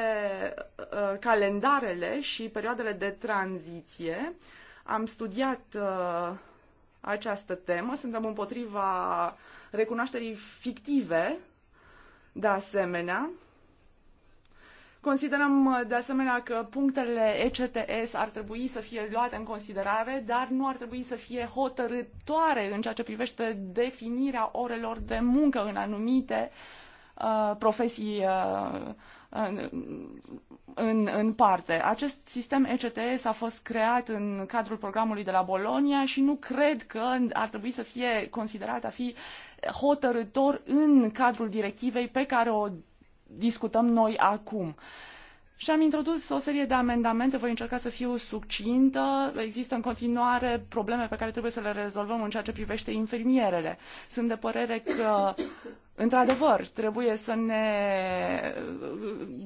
uh, calendarele și perioadele de tranziție, am studiat această temă. Suntem împotriva recunoașterii fictive, de asemenea, Considerăm uh, de asemenea că punctele ECTS ar trebui să fie luate în considerare, dar nu ar trebui să fie hotărâtoare în ceea ce privește definirea orelor de muncă în anumite uh, profesii uh, în, în, în parte. Acest sistem ECTS a fost creat în cadrul programului de la Bolonia și nu cred că ar trebui să fie considerat a fi hotărător în cadrul directivei pe care o discutăm noi acum. Și am introdus o serie de amendamente, voi încerca să fiu succintă. Există în continuare probleme pe care trebuie să le rezolvăm în ceea ce privește infirmierele. Sunt de părere că Într-adevăr, trebuie să ne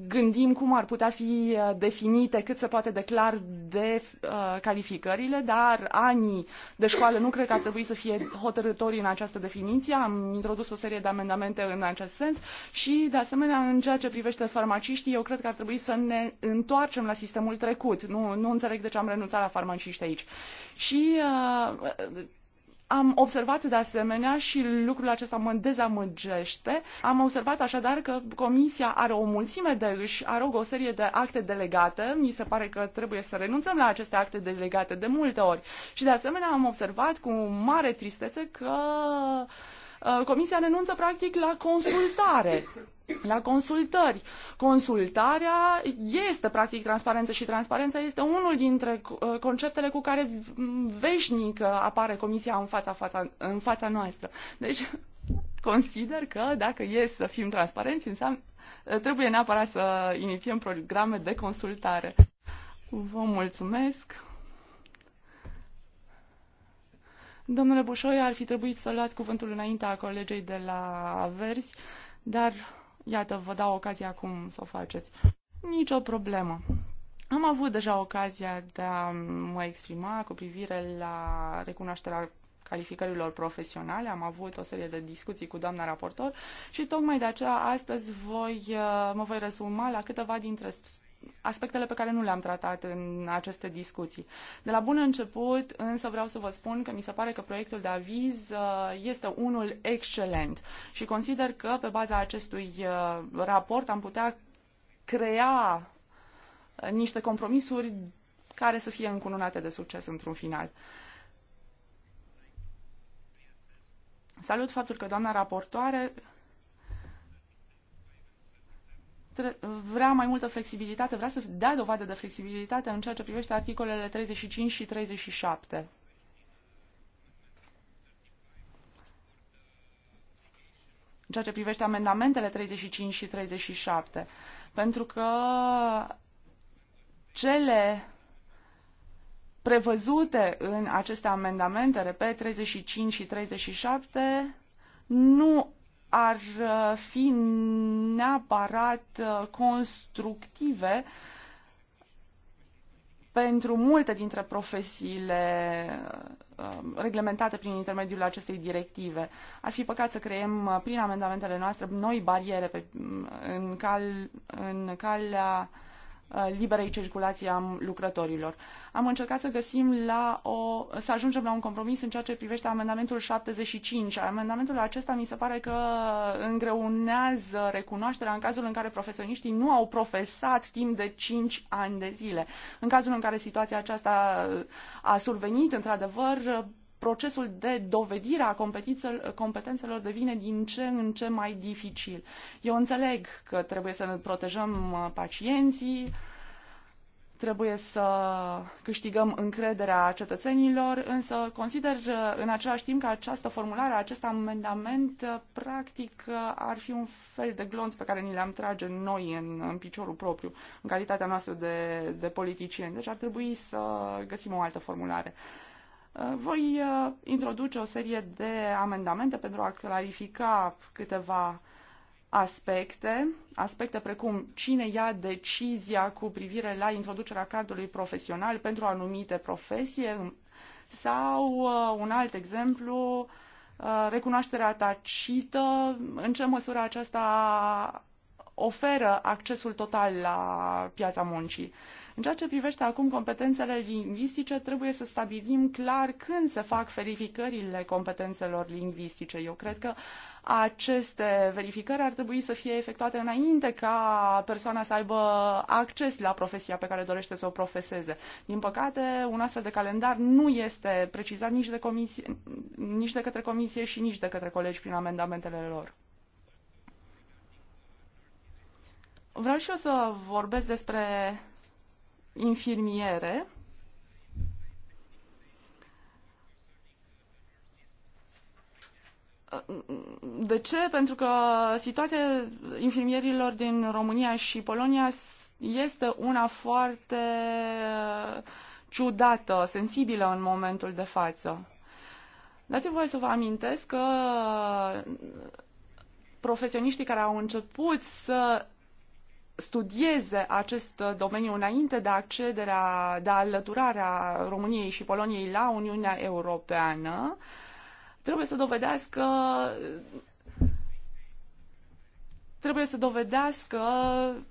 gândim cum ar putea fi uh, definite cât se poate de clar de uh, calificările, dar anii de școală nu cred că ar trebui să fie hotărători în această definiție. Am introdus o serie de amendamente în acest sens și, de asemenea, în ceea ce privește farmaciștii, eu cred că ar trebui să ne întoarcem la sistemul trecut. Nu, nu înțeleg de ce am renunțat la farmaciști aici. Și uh, am observat de asemenea și lucrul acesta mă dezamăgește. Am observat așadar că Comisia are o mulțime de își arogă o serie de acte delegate. Mi se pare că trebuie să renunțăm la aceste acte delegate de multe ori. Și de asemenea am observat cu mare tristețe că Uh, comisia renunță practic la consultare la consultări. Consultarea este practic transparență și transparența este unul dintre uh, conceptele cu care veșnic uh, apare Comisia în fața, fața, în fața noastră. Deci *laughs* consider că dacă e să fim transparenți, înseamnă, trebuie neapărat să inițiem programe de consultare. Vă mulțumesc! Domnule Bușoi, ar fi trebuit să luați cuvântul înaintea colegei de la Verzi, dar iată, vă dau ocazia acum să o faceți. Nicio problemă. Am avut deja ocazia de a mă exprima cu privire la recunoașterea calificărilor profesionale. Am avut o serie de discuții cu doamna raportor și tocmai de aceea astăzi voi, mă voi rezuma la câteva dintre aspectele pe care nu le-am tratat în aceste discuții. De la bun început, însă vreau să vă spun că mi se pare că proiectul de aviz uh, este unul excelent și consider că pe baza acestui uh, raport am putea crea uh, niște compromisuri care să fie încununate de succes într-un final. Salut faptul că doamna raportoare vrea mai multă flexibilitate, vrea să dea dovadă de flexibilitate în ceea ce privește articolele 35 și 37. În ceea ce privește amendamentele 35 și 37. Pentru că cele prevăzute în aceste amendamente, repet, 35 și 37, nu ar uh, fi neapărat uh, constructive pentru multe dintre profesiile uh, um, reglementate prin intermediul acestei directive. Ar fi păcat să creăm prin amendamentele noastre noi bariere pe, mm, în, cal, în calea uh, Uh, liberei circulații a lucrătorilor. Am încercat să găsim la o, să ajungem la un compromis în ceea ce privește amendamentul 75. Amendamentul acesta mi se pare că îngreunează recunoașterea în cazul în care profesioniștii nu au profesat timp de 5 ani de zile. În cazul în care situația aceasta a survenit, într-adevăr, procesul de dovedire a competențelor devine din ce în ce mai dificil. Eu înțeleg că trebuie să ne protejăm uh, pacienții, trebuie să câștigăm încrederea cetățenilor, însă consider uh, în același timp că această formulare, acest amendament, uh, practic ar fi un fel de glonț pe care ni le-am trage noi în, în piciorul propriu, în calitatea noastră de, de politicieni. Deci ar trebui să găsim o altă formulare. Uh, voi uh, introduce o serie de amendamente pentru a clarifica câteva aspecte, aspecte precum cine ia decizia cu privire la introducerea cardului profesional pentru anumite profesie um, sau uh, un alt exemplu, recunoașterea tacită, în ce măsură aceasta oferă accesul total la piața muncii. În ceea ce privește acum competențele lingvistice, trebuie să stabilim clar când se fac verificările competențelor lingvistice. Eu cred că aceste verificări ar trebui să fie efectuate înainte ca persoana să aibă acces la profesia pe care dorește să o profeseze. Din păcate, un astfel de calendar nu este precizat nici de, comisie, nici de către comisie și nici de către colegi prin amendamentele lor. Vreau și eu să vorbesc despre infirmiere De ce? Pentru că situația infirmierilor din România și Polonia este una foarte ciudată, sensibilă în momentul de față. Dați-mi voie să vă amintesc că profesioniștii care au început să studieze acest domeniu înainte de accederea, de alăturarea României și Poloniei la Uniunea Europeană, trebuie să dovedească trebuie să dovedească,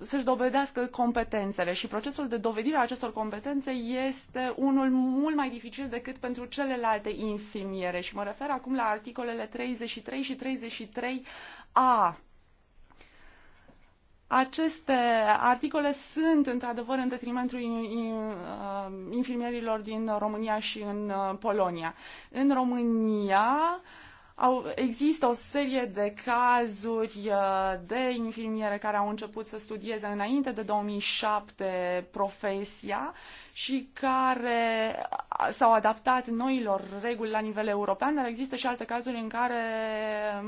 să-și dovedească competențele și procesul de dovedire a acestor competențe este unul mult mai dificil decât pentru celelalte infirmiere și mă refer acum la articolele 33 și 33a aceste articole sunt într-adevăr în detrimentul uh, infirmierilor din România și în uh, Polonia. În România au, există o serie de cazuri uh, de infirmiere care au început să studieze înainte de 2007 profesia și care s-au adaptat noilor reguli la nivel european, dar există și alte cazuri în care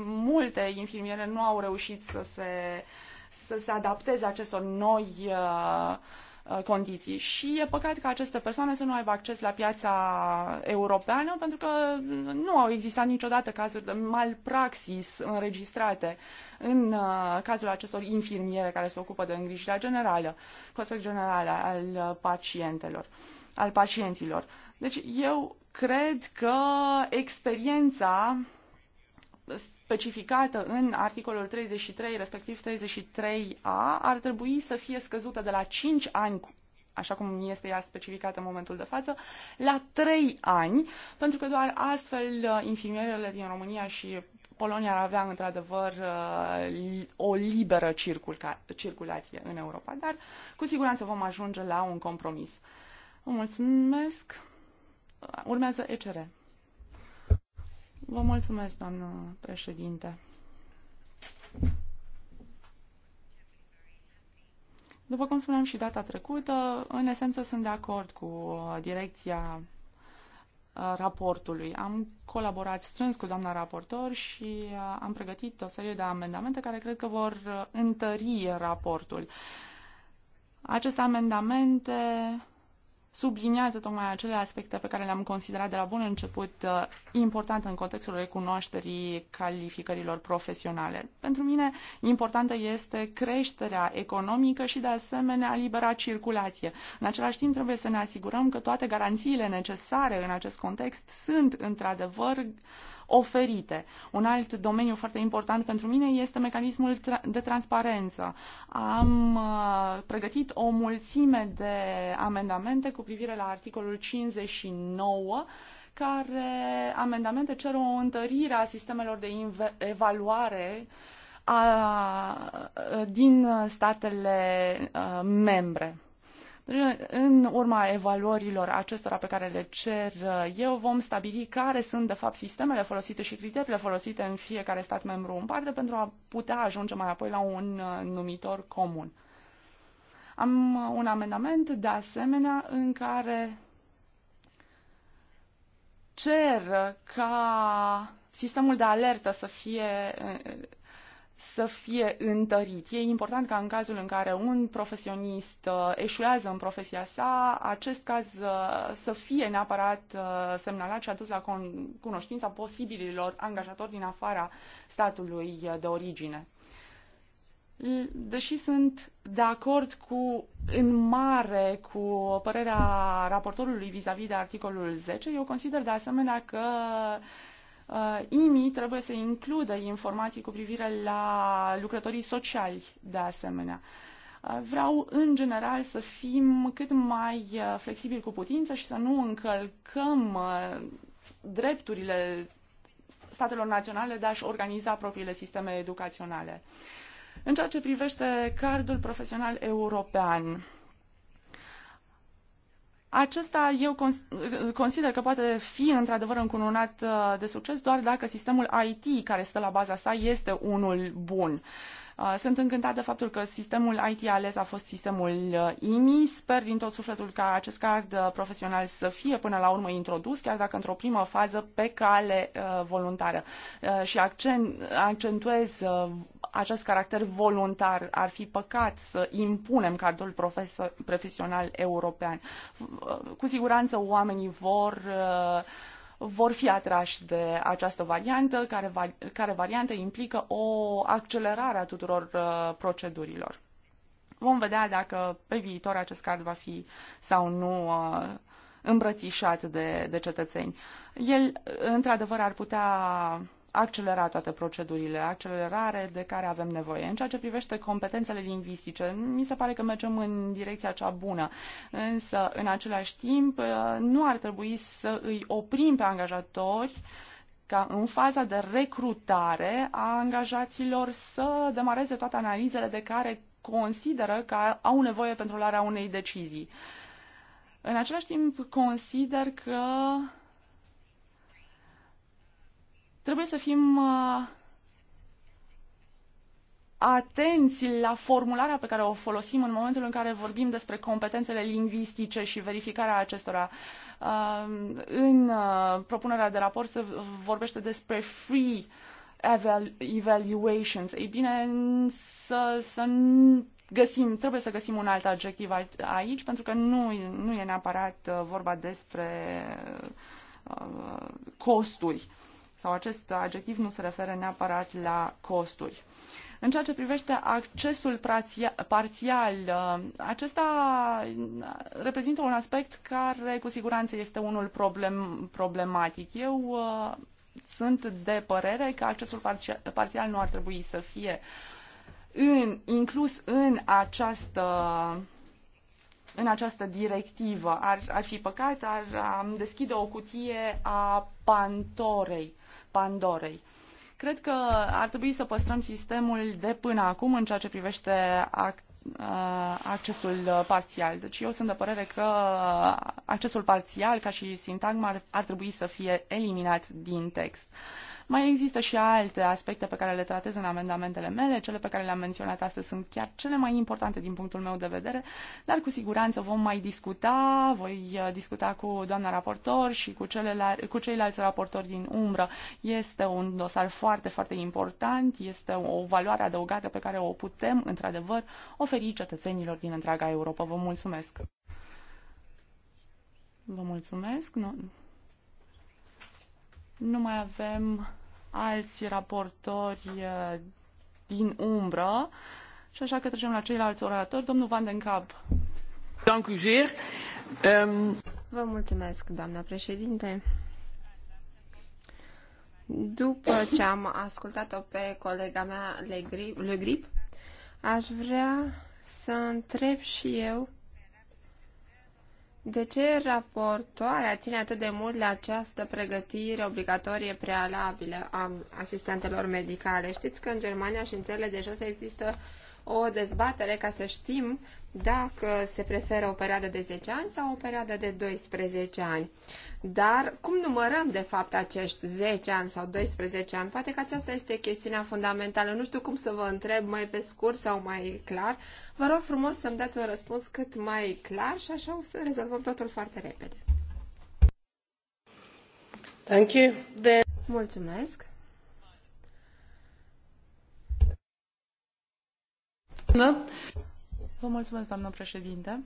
multe infirmiere nu au reușit să se uh, să se adapteze acestor noi uh, uh, condiții. Și e păcat că aceste persoane să nu aibă acces la piața europeană, pentru că nu au existat niciodată cazuri de malpraxis înregistrate în uh, cazul acestor infirmiere care se ocupă de îngrijirea generală, costul generală al pacientelor, al pacienților. Deci eu cred că experiența specificată în articolul 33, respectiv 33A, ar trebui să fie scăzută de la 5 ani așa cum este ea specificată în momentul de față, la 3 ani, pentru că doar astfel uh, infirmierele din România și Polonia ar avea într-adevăr uh, o liberă circulație în Europa, dar cu siguranță vom ajunge la un compromis. Vă mulțumesc. Uh, urmează ECR. Vă mulțumesc, doamnă președinte. După cum spuneam și data trecută, în esență sunt de acord cu uh, direcția uh, raportului. Am colaborat strâns cu doamna raportor și uh, am pregătit o serie de amendamente care cred că vor întări raportul. Aceste amendamente subliniază tocmai acele aspecte pe care le-am considerat de la bun început uh, importante în contextul recunoașterii calificărilor profesionale. Pentru mine importantă este creșterea economică și de asemenea libera circulație. În același timp trebuie să ne asigurăm că toate garanțiile necesare în acest context sunt într-adevăr uh, oferite. Un alt domeniu foarte important pentru mine este mecanismul de transparență. Am uh, pregătit o mulțime de amendamente cu privire la articolul 59 care amendamente cer o întărire a sistemelor de evaluare a, din statele uh, membre. În urma evaluărilor acestora pe care le cer eu, vom stabili care sunt, de fapt, sistemele folosite și criteriile folosite în fiecare stat membru în parte pentru a putea ajunge mai apoi la un numitor comun. Am un amendament, de asemenea, în care cer ca sistemul de alertă să fie să fie întărit. E important ca în cazul în care un profesionist uh, eșuează în profesia sa, acest caz uh, să fie neapărat uh, semnalat și adus la cunoștința posibililor angajatori din afara statului de origine. Deși sunt de acord cu, în mare cu părerea raportorului vis-a-vis -vis de articolul 10, eu consider de asemenea că uh, IMI uh, trebuie să includă informații cu privire la lucrătorii sociali de asemenea. Uh, vreau, în general, să fim cât mai uh, flexibili cu putință și să nu încălcăm drepturile statelor naționale de a-și organiza propriile sisteme educaționale. În ceea ce privește cardul profesional european, acesta eu consider că poate fi într-adevăr încununat uh, de succes doar dacă sistemul IT care stă la baza sa este unul bun. Uh, sunt încântat de faptul că sistemul IT ales a fost sistemul IMI. Uh, Sper din tot sufletul ca acest card profesional să fie până la urmă introdus, chiar dacă într-o primă fază pe cale voluntară. Și accentuez acest caracter voluntar. Ar fi păcat să impunem cadrul profesional european. Cu siguranță oamenii vor uh, vor fi atrași de această variantă, care, care variantă implică o accelerare a tuturor uh, procedurilor. Vom vedea dacă pe viitor acest card va fi sau nu uh, îmbrățișat de, de cetățeni. El, într-adevăr, ar putea accelera toate procedurile, accelerare de care avem nevoie. În ceea ce privește competențele lingvistice, mi se pare că mergem în direcția cea bună, însă în același timp uh, nu ar trebui să îi oprim pe angajatori ca în faza de recrutare a angajaților să demareze toate analizele de care consideră că au nevoie pentru luarea unei decizii. În același timp, consider că Trebuie să fim uh, atenți la formularea pe care o folosim în momentul în care vorbim despre competențele lingvistice și verificarea acestora. Uh, în uh, propunerea de raport se vorbește despre free evaluations. Ei bine, să, să găsim, trebuie să găsim un alt adjectiv aici, pentru că nu, nu e neapărat vorba despre costuri. Uh, sau acest adjectiv nu se referă neapărat la costuri. În ceea ce privește accesul parțial, uh, acesta uh, reprezintă un aspect care cu siguranță este unul problem, problematic. Eu uh, sunt de părere că accesul parțial nu ar trebui să fie în, inclus în această în această directivă. Ar, ar fi păcat, ar, ar deschide o cutie a Pantorei. Pandorei. Cred că ar trebui să păstrăm sistemul de până acum în ceea ce privește act uh, accesul uh, parțial. Deci eu sunt de părere că accesul parțial, ca și sintagma, ar, ar trebui să fie eliminat din text. Uh, mai există și alte aspecte pe care le tratez în amendamentele mele. Cele pe care le-am menționat astăzi sunt chiar cele mai importante din punctul meu de vedere, dar cu siguranță vom mai discuta, voi uh, discuta cu doamna raportor și cu, celelal- cu ceilalți raportori din umbră. Este un dosar foarte, foarte important, este o valoare adăugată pe care o putem, într-adevăr, oferi cetățenilor din întreaga Europa. Vă mulțumesc! Vă mulțumesc! Nu? Nu mai avem alți raportori uh, din umbră și așa că trecem la ceilalți oratori. Domnul Van den Cap. Ehm, Vă mulțumesc, doamna președinte. După ce am ascultat-o pe colega mea Le Grip, Le Grip, aș vrea să întreb și eu de ce raportoarea ține atât de mult la această pregătire obligatorie prealabilă a asistentelor medicale? Știți că în Germania și în țările de jos există o dezbatere ca să știm dacă se preferă o perioadă de 10 ani sau o perioadă de 12 ani. Dar cum numărăm, de fapt, acești 10 ani sau 12 ani? Poate că aceasta este chestiunea fundamentală. Nu știu cum să vă întreb mai pe scurt sau mai clar. Vă rog frumos să-mi dați un răspuns cât mai clar și așa o să rezolvăm totul foarte repede. Thank you. De Mulțumesc. No mulțumesc, președinte.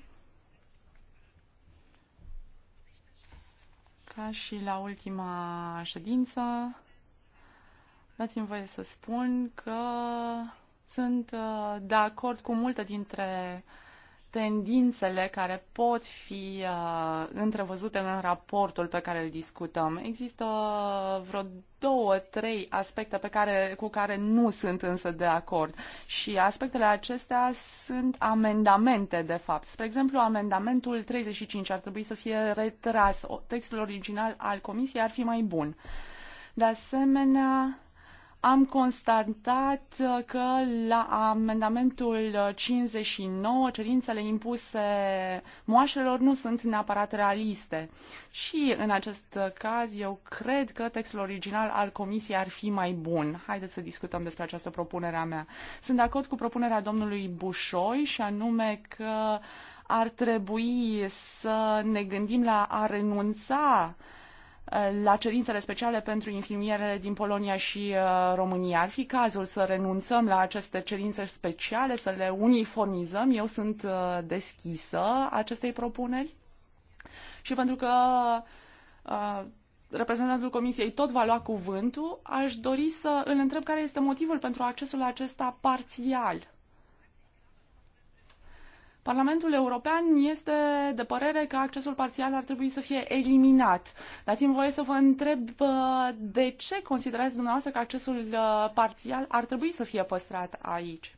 Ca și la ultima ședință, dați-mi voie să spun că sunt uh, de acord cu multe dintre uh, tendințele care pot fi uh, întrevăzute în raportul pe care îl discutăm. Există vreo două, trei aspecte pe care, cu care nu sunt însă de acord și aspectele acestea sunt amendamente, de fapt. Spre exemplu, amendamentul 35 ar trebui să fie retras. Textul original al comisiei ar fi mai bun. De asemenea, am constatat uh, că la amendamentul 59 uh, cerințele impuse moașelor nu sunt neapărat realiste. Și în acest uh, caz eu cred că textul original al comisiei ar fi mai bun. Haideți să discutăm despre această propunere a mea. Sunt de acord cu propunerea domnului Bușoi și anume că ar trebui să ne gândim la a renunța uh, Uh, la cerințele speciale pentru infirmierele din Polonia și uh, România. Ar fi cazul să renunțăm la aceste cerințe speciale, să le uniformizăm. Eu sunt uh, deschisă acestei propuneri și pentru că reprezentantul Comisiei tot va lua cuvântul, aș dori să îl întreb care este motivul pentru accesul acesta parțial Parlamentul European este de părere că accesul parțial ar trebui să fie eliminat. Dați-mi voie să vă întreb uh, de ce considerați dumneavoastră că accesul uh, parțial ar trebui să fie păstrat aici?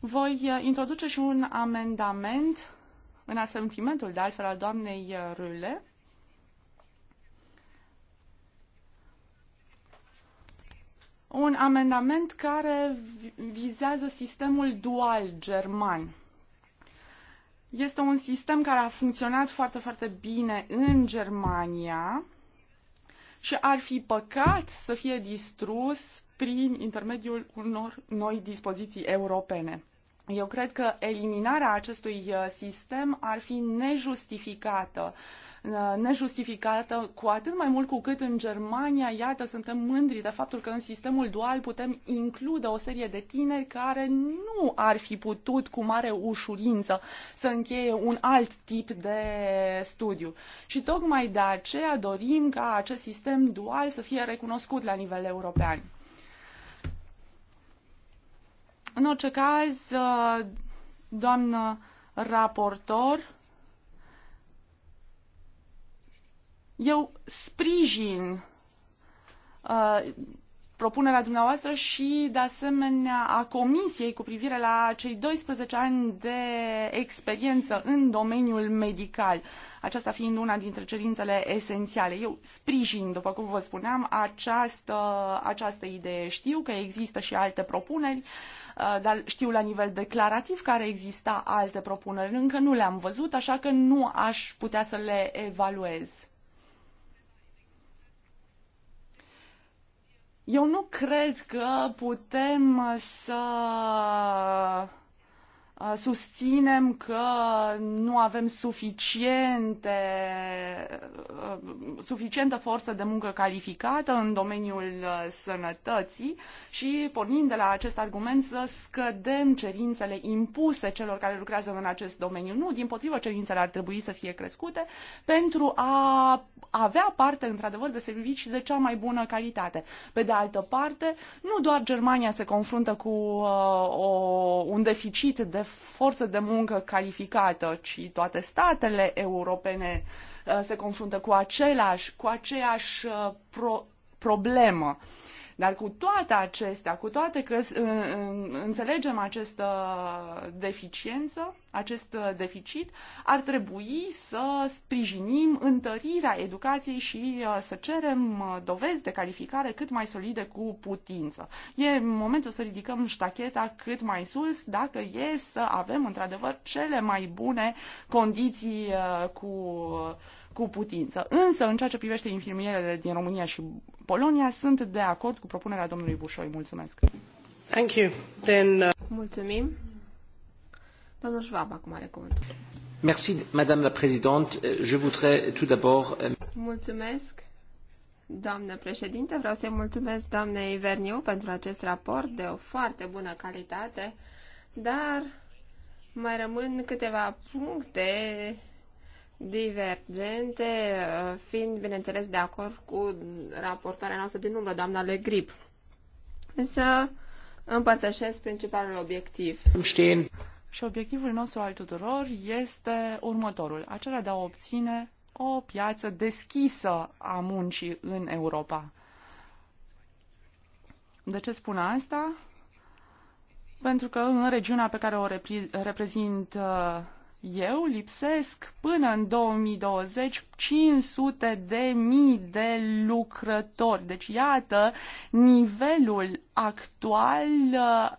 Voi uh, introduce și un amendament în asentimentul de altfel al doamnei Rulle. un amendament care vizează sistemul dual german. Este un sistem care a funcționat foarte, foarte bine în Germania și ar fi păcat să fie distrus prin intermediul unor noi dispoziții europene. Eu cred că eliminarea acestui uh, sistem ar fi nejustificată uh, Uh, nejustificată, cu atât mai mult cu cât în Germania, iată, suntem mândri de faptul că în sistemul dual putem include o serie de tineri care nu ar fi putut cu mare ușurință să încheie un alt tip de studiu. Și tocmai de aceea dorim ca acest sistem dual să fie recunoscut la nivel european. În orice caz, uh, doamnă raportor, Eu sprijin uh, propunerea dumneavoastră și, de asemenea, a Comisiei cu privire la cei 12 ani de experiență în domeniul medical, aceasta fiind una dintre cerințele esențiale. Eu sprijin, după cum vă spuneam, această, această idee. Știu că există și alte propuneri, uh, dar știu la nivel declarativ care exista alte propuneri. Încă nu le-am văzut, așa că nu aș putea să le evaluez. Eu nu cred că putem să Uh, susținem că nu avem suficiente, uh, suficientă forță de muncă calificată în domeniul uh, sănătății și, pornind de la acest argument, să scădem cerințele impuse celor care lucrează în acest domeniu. Nu, din potrivă, cerințele ar trebui să fie crescute pentru a avea parte, într-adevăr, de servicii de cea mai bună calitate. Pe de altă parte, nu doar Germania se confruntă cu uh, o, un deficit de forță de muncă calificată, ci toate statele europene uh, se confruntă cu același, cu aceeași uh, pro- problemă. Uh, dar cu toate acestea, cu toate că înțelegem această deficiență, acest deficit, ar trebui să sprijinim întărirea educației și uh, să cerem uh, dovezi de calificare cât mai solide cu putință. E momentul să ridicăm ștacheta cât mai sus dacă e să avem într-adevăr cele mai bune condiții uh, cu cu putință. Însă, în ceea ce privește infirmierele din România și Polonia, sunt de acord cu propunerea domnului Bușoi. Mulțumesc! Thank you. Then, uh... Mulțumim! Domnul Schwab acum are cuvântul. Merci, Madame la Présidente. Euh, je voudrais tout d'abord... Euh, mulțumesc! Doamnă președinte, vreau să-i mulțumesc doamnei Verniu pentru acest raport de o foarte bună calitate, dar mai rămân câteva puncte divergente, uh, fiind, bineînțeles, de acord cu raportarea noastră din urmă, doamna Legrip. Grip. Însă împărtășesc principalul obiectiv. Știin. Și obiectivul nostru al tuturor este următorul, acela de a obține o piață deschisă a muncii în Europa. De ce spun asta? Pentru că în regiunea pe care o repri- reprezint uh, eu lipsesc până în 2020 500 de mii de lucrători. Deci, iată, nivelul actual uh,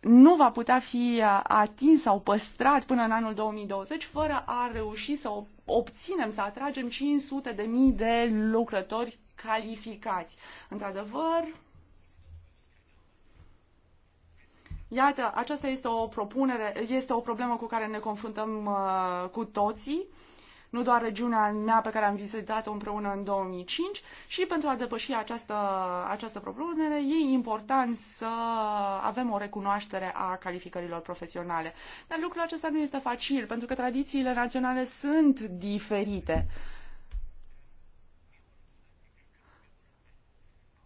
nu va putea fi uh, atins sau păstrat până în anul 2020 fără a reuși să obținem, să atragem 500 de mii de lucrători calificați. Într-adevăr, Iată, aceasta este o propunere, este o problemă cu care ne confruntăm uh, cu toții nu doar regiunea mea pe care am vizitat-o împreună în 2005 și pentru a depăși această, această propunere e important să avem o recunoaștere a calificărilor profesionale. Dar lucrul acesta nu este facil pentru că tradițiile naționale sunt diferite. Uh,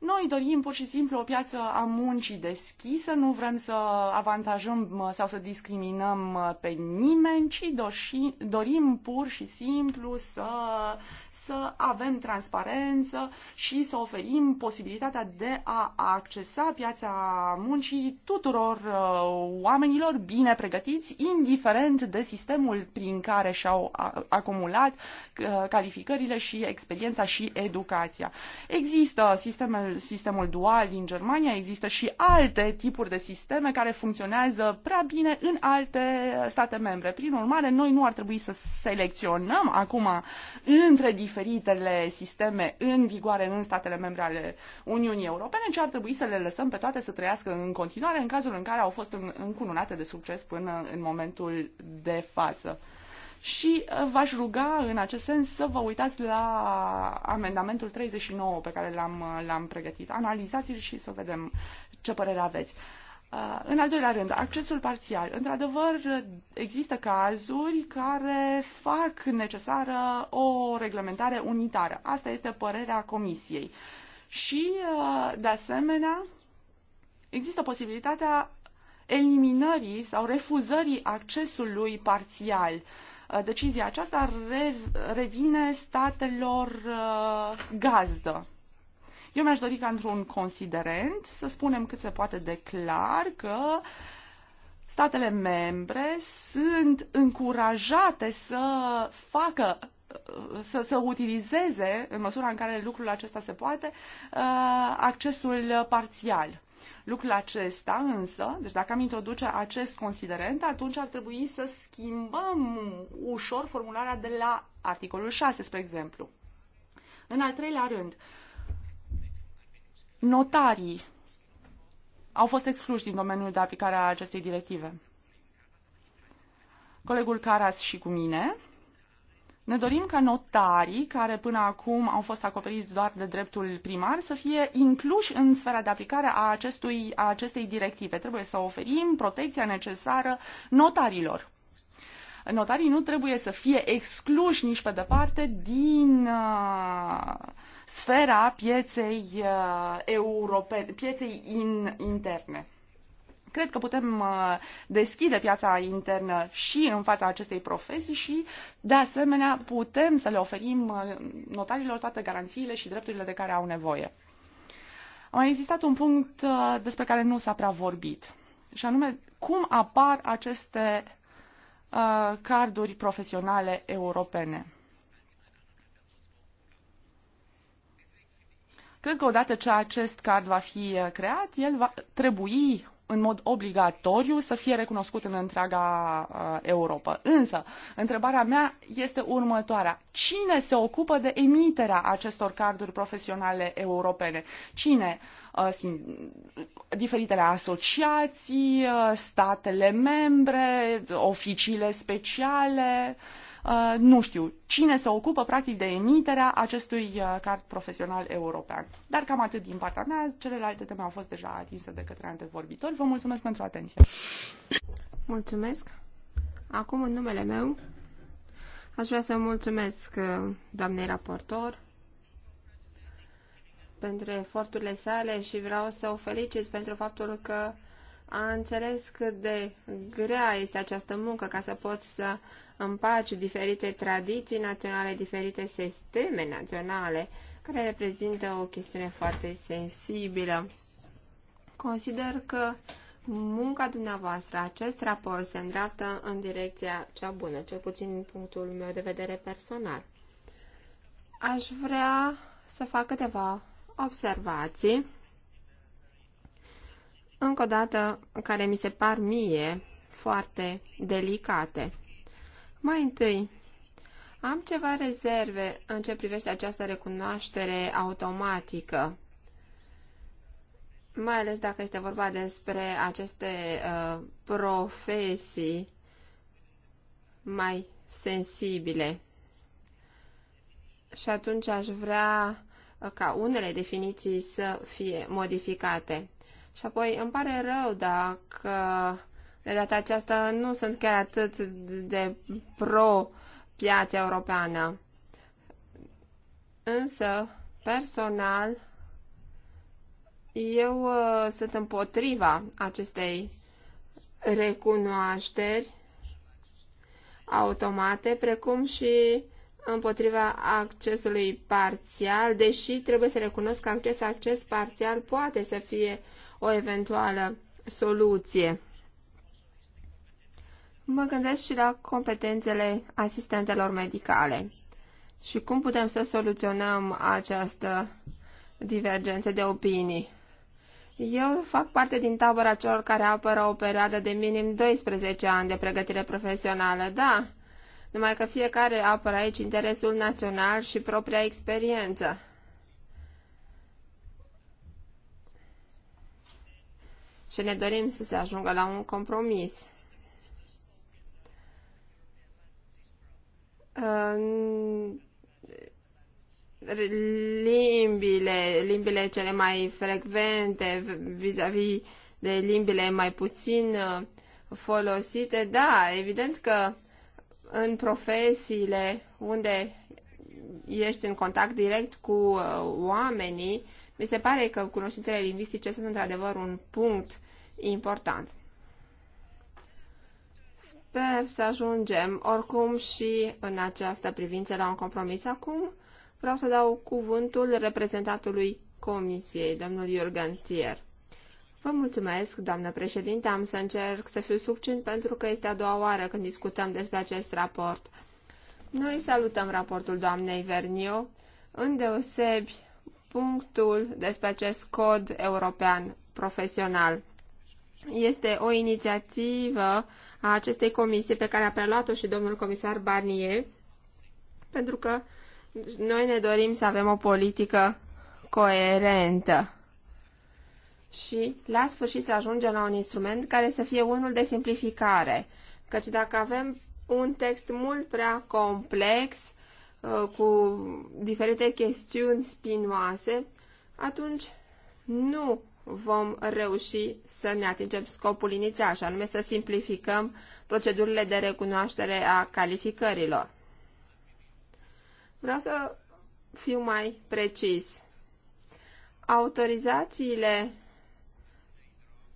Noi dorim pur și simplu o piață a muncii deschisă, nu vrem să avantajăm sau să discriminăm pe nimeni, ci dorim pur și simplu să să avem transparență și să oferim posibilitatea de a accesa piața muncii tuturor uh, oamenilor bine pregătiți, indiferent de sistemul prin care și-au acumulat uh, calificările și experiența și educația. Există sistemul, sistemul dual din Germania, există și alte tipuri de sisteme care funcționează prea bine în alte state membre. Prin urmare, noi nu ar trebui să selecționăm acum între diferite diferitele sisteme în vigoare în statele membre ale Uniunii Europene, ci ar trebui să le lăsăm pe toate să trăiască în continuare în cazul în care au fost încununate de succes până în momentul de față. Și uh, v-aș ruga în acest sens să vă uitați la amendamentul 39 pe care l-am, uh, l-am pregătit. Analizați-l și să vedem ce părere aveți. În al doilea rând, accesul parțial. Într-adevăr, există cazuri care fac necesară o reglementare unitară. Asta este părerea Comisiei. Și, de asemenea, există posibilitatea eliminării sau refuzării accesului parțial. Decizia aceasta revine statelor uh, gazdă. Eu mi-aș dori ca într-un considerent să spunem cât se poate de clar că statele membre sunt încurajate să facă să, să utilizeze, în măsura în care lucrul acesta se poate, uh, accesul parțial. Lucrul acesta însă, deci dacă am introduce acest considerent, atunci ar trebui să schimbăm ușor formularea de la articolul 6, spre exemplu. În al treilea rând, uh, notarii au fost excluși din domeniul de aplicare a acestei directive. Colegul Caras și cu mine ne dorim ca notarii, care până acum au fost acoperiți doar de dreptul primar, să fie incluși în sfera de aplicare a, acestui, a acestei directive. Trebuie să oferim protecția necesară notarilor. Notarii nu trebuie să fie excluși nici pe departe din uh, sfera pieței uh, europene, pieței in, interne. Cred că putem uh, deschide piața internă și în fața acestei profesii și, de asemenea, putem să le oferim uh, notarilor toate garanțiile și drepturile de care au nevoie. A mai existat un punct despre care nu s-a prea vorbit, și anume cum apar aceste carduri profesionale europene. Cred că odată ce acest card va fi uh, creat, el va trebui în mod obligatoriu să fie recunoscut în întreaga uh, Europa. Însă, întrebarea mea este următoarea. Cine se ocupă de emiterea acestor carduri profesionale europene? Cine? Uh, diferitele asociații, statele membre, oficiile speciale? Uh, nu știu cine se ocupă practic de emiterea acestui uh, card profesional european. Dar cam atât din partea mea, celelalte teme au fost deja atinse de către antevorbitori. Vă mulțumesc pentru atenție. Mulțumesc. Acum, în numele meu, aș vrea să mulțumesc uh, doamnei raportor pentru eforturile sale și vreau să o felicit pentru faptul că a înțeles cât de grea este această muncă ca să poți să pace diferite tradiții naționale, diferite sisteme naționale, care reprezintă o chestiune foarte sensibilă. Consider că munca dumneavoastră, acest raport se îndreaptă în direcția cea bună, cel puțin din punctul meu de vedere personal. Aș vrea să fac câteva observații, încă o dată, care mi se par mie foarte delicate. Mai întâi, am ceva rezerve în ce privește această recunoaștere automatică, mai ales dacă este vorba despre aceste uh, profesii mai sensibile. Și atunci aș vrea uh, ca unele definiții să fie modificate. Și apoi îmi pare rău dacă de data aceasta nu sunt chiar atât de pro piața europeană. Însă, personal, eu uh, sunt împotriva acestei recunoașteri automate, precum și împotriva accesului parțial, deși trebuie să recunosc că acest acces parțial poate să fie o eventuală soluție. Mă gândesc și la competențele asistentelor medicale și cum putem să soluționăm această divergență de opinii. Eu fac parte din tabăra celor care apără o perioadă de minim 12 ani de pregătire profesională, da, numai că fiecare apără aici interesul național și propria experiență. Și ne dorim să se ajungă la un compromis. limbile, limbile cele mai frecvente vis-a-vis -vis de limbile mai puțin uh, folosite, da, evident că în profesiile unde ești în contact direct cu uh, oamenii, mi se pare că cunoștințele lingvistice sunt într-adevăr un punct important. Sper să ajungem oricum și în această privință la un compromis. Acum vreau să dau cuvântul reprezentatului Comisiei, domnul Iorgan Tier. Vă mulțumesc, doamnă președinte, am să încerc să fiu succint pentru că este a doua oară când discutăm despre acest raport. Noi salutăm raportul doamnei Vernio, îndeosebi punctul despre acest cod european profesional. Este o inițiativă a acestei comisii pe care a preluat-o și domnul comisar Barnier, pentru că noi ne dorim să avem o politică coerentă și la sfârșit să ajungem la un instrument care să fie unul de simplificare. Căci dacă avem un text mult prea complex, uh, cu diferite chestiuni spinoase, atunci nu vom reuși să ne atingem scopul inițial, și anume să simplificăm procedurile de recunoaștere a calificărilor. Vreau să fiu mai precis. Autorizațiile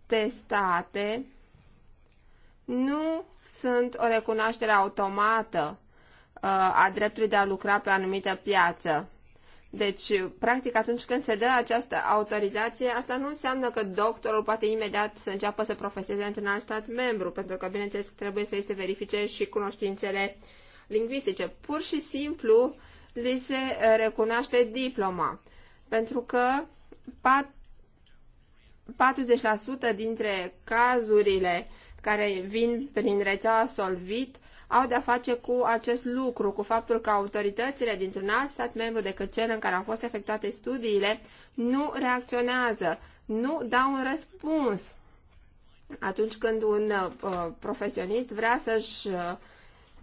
testate nu sunt o recunoaștere automată uh, a dreptului de a lucra pe o anumită piață. Deci, practic, atunci când se dă această autorizație, asta nu înseamnă că doctorul poate imediat să înceapă să profeseze într-un alt stat membru, pentru că, bineînțeles, trebuie să-i se verifice și cunoștințele lingvistice. Pur și simplu li se recunoaște diploma, pentru că 40% dintre cazurile care vin prin rețeaua Solvit au de-a face cu acest lucru, cu faptul că autoritățile dintr-un alt stat membru decât cel în care au fost efectuate studiile nu reacționează, nu dau un răspuns. Atunci când un uh, profesionist vrea să-și uh,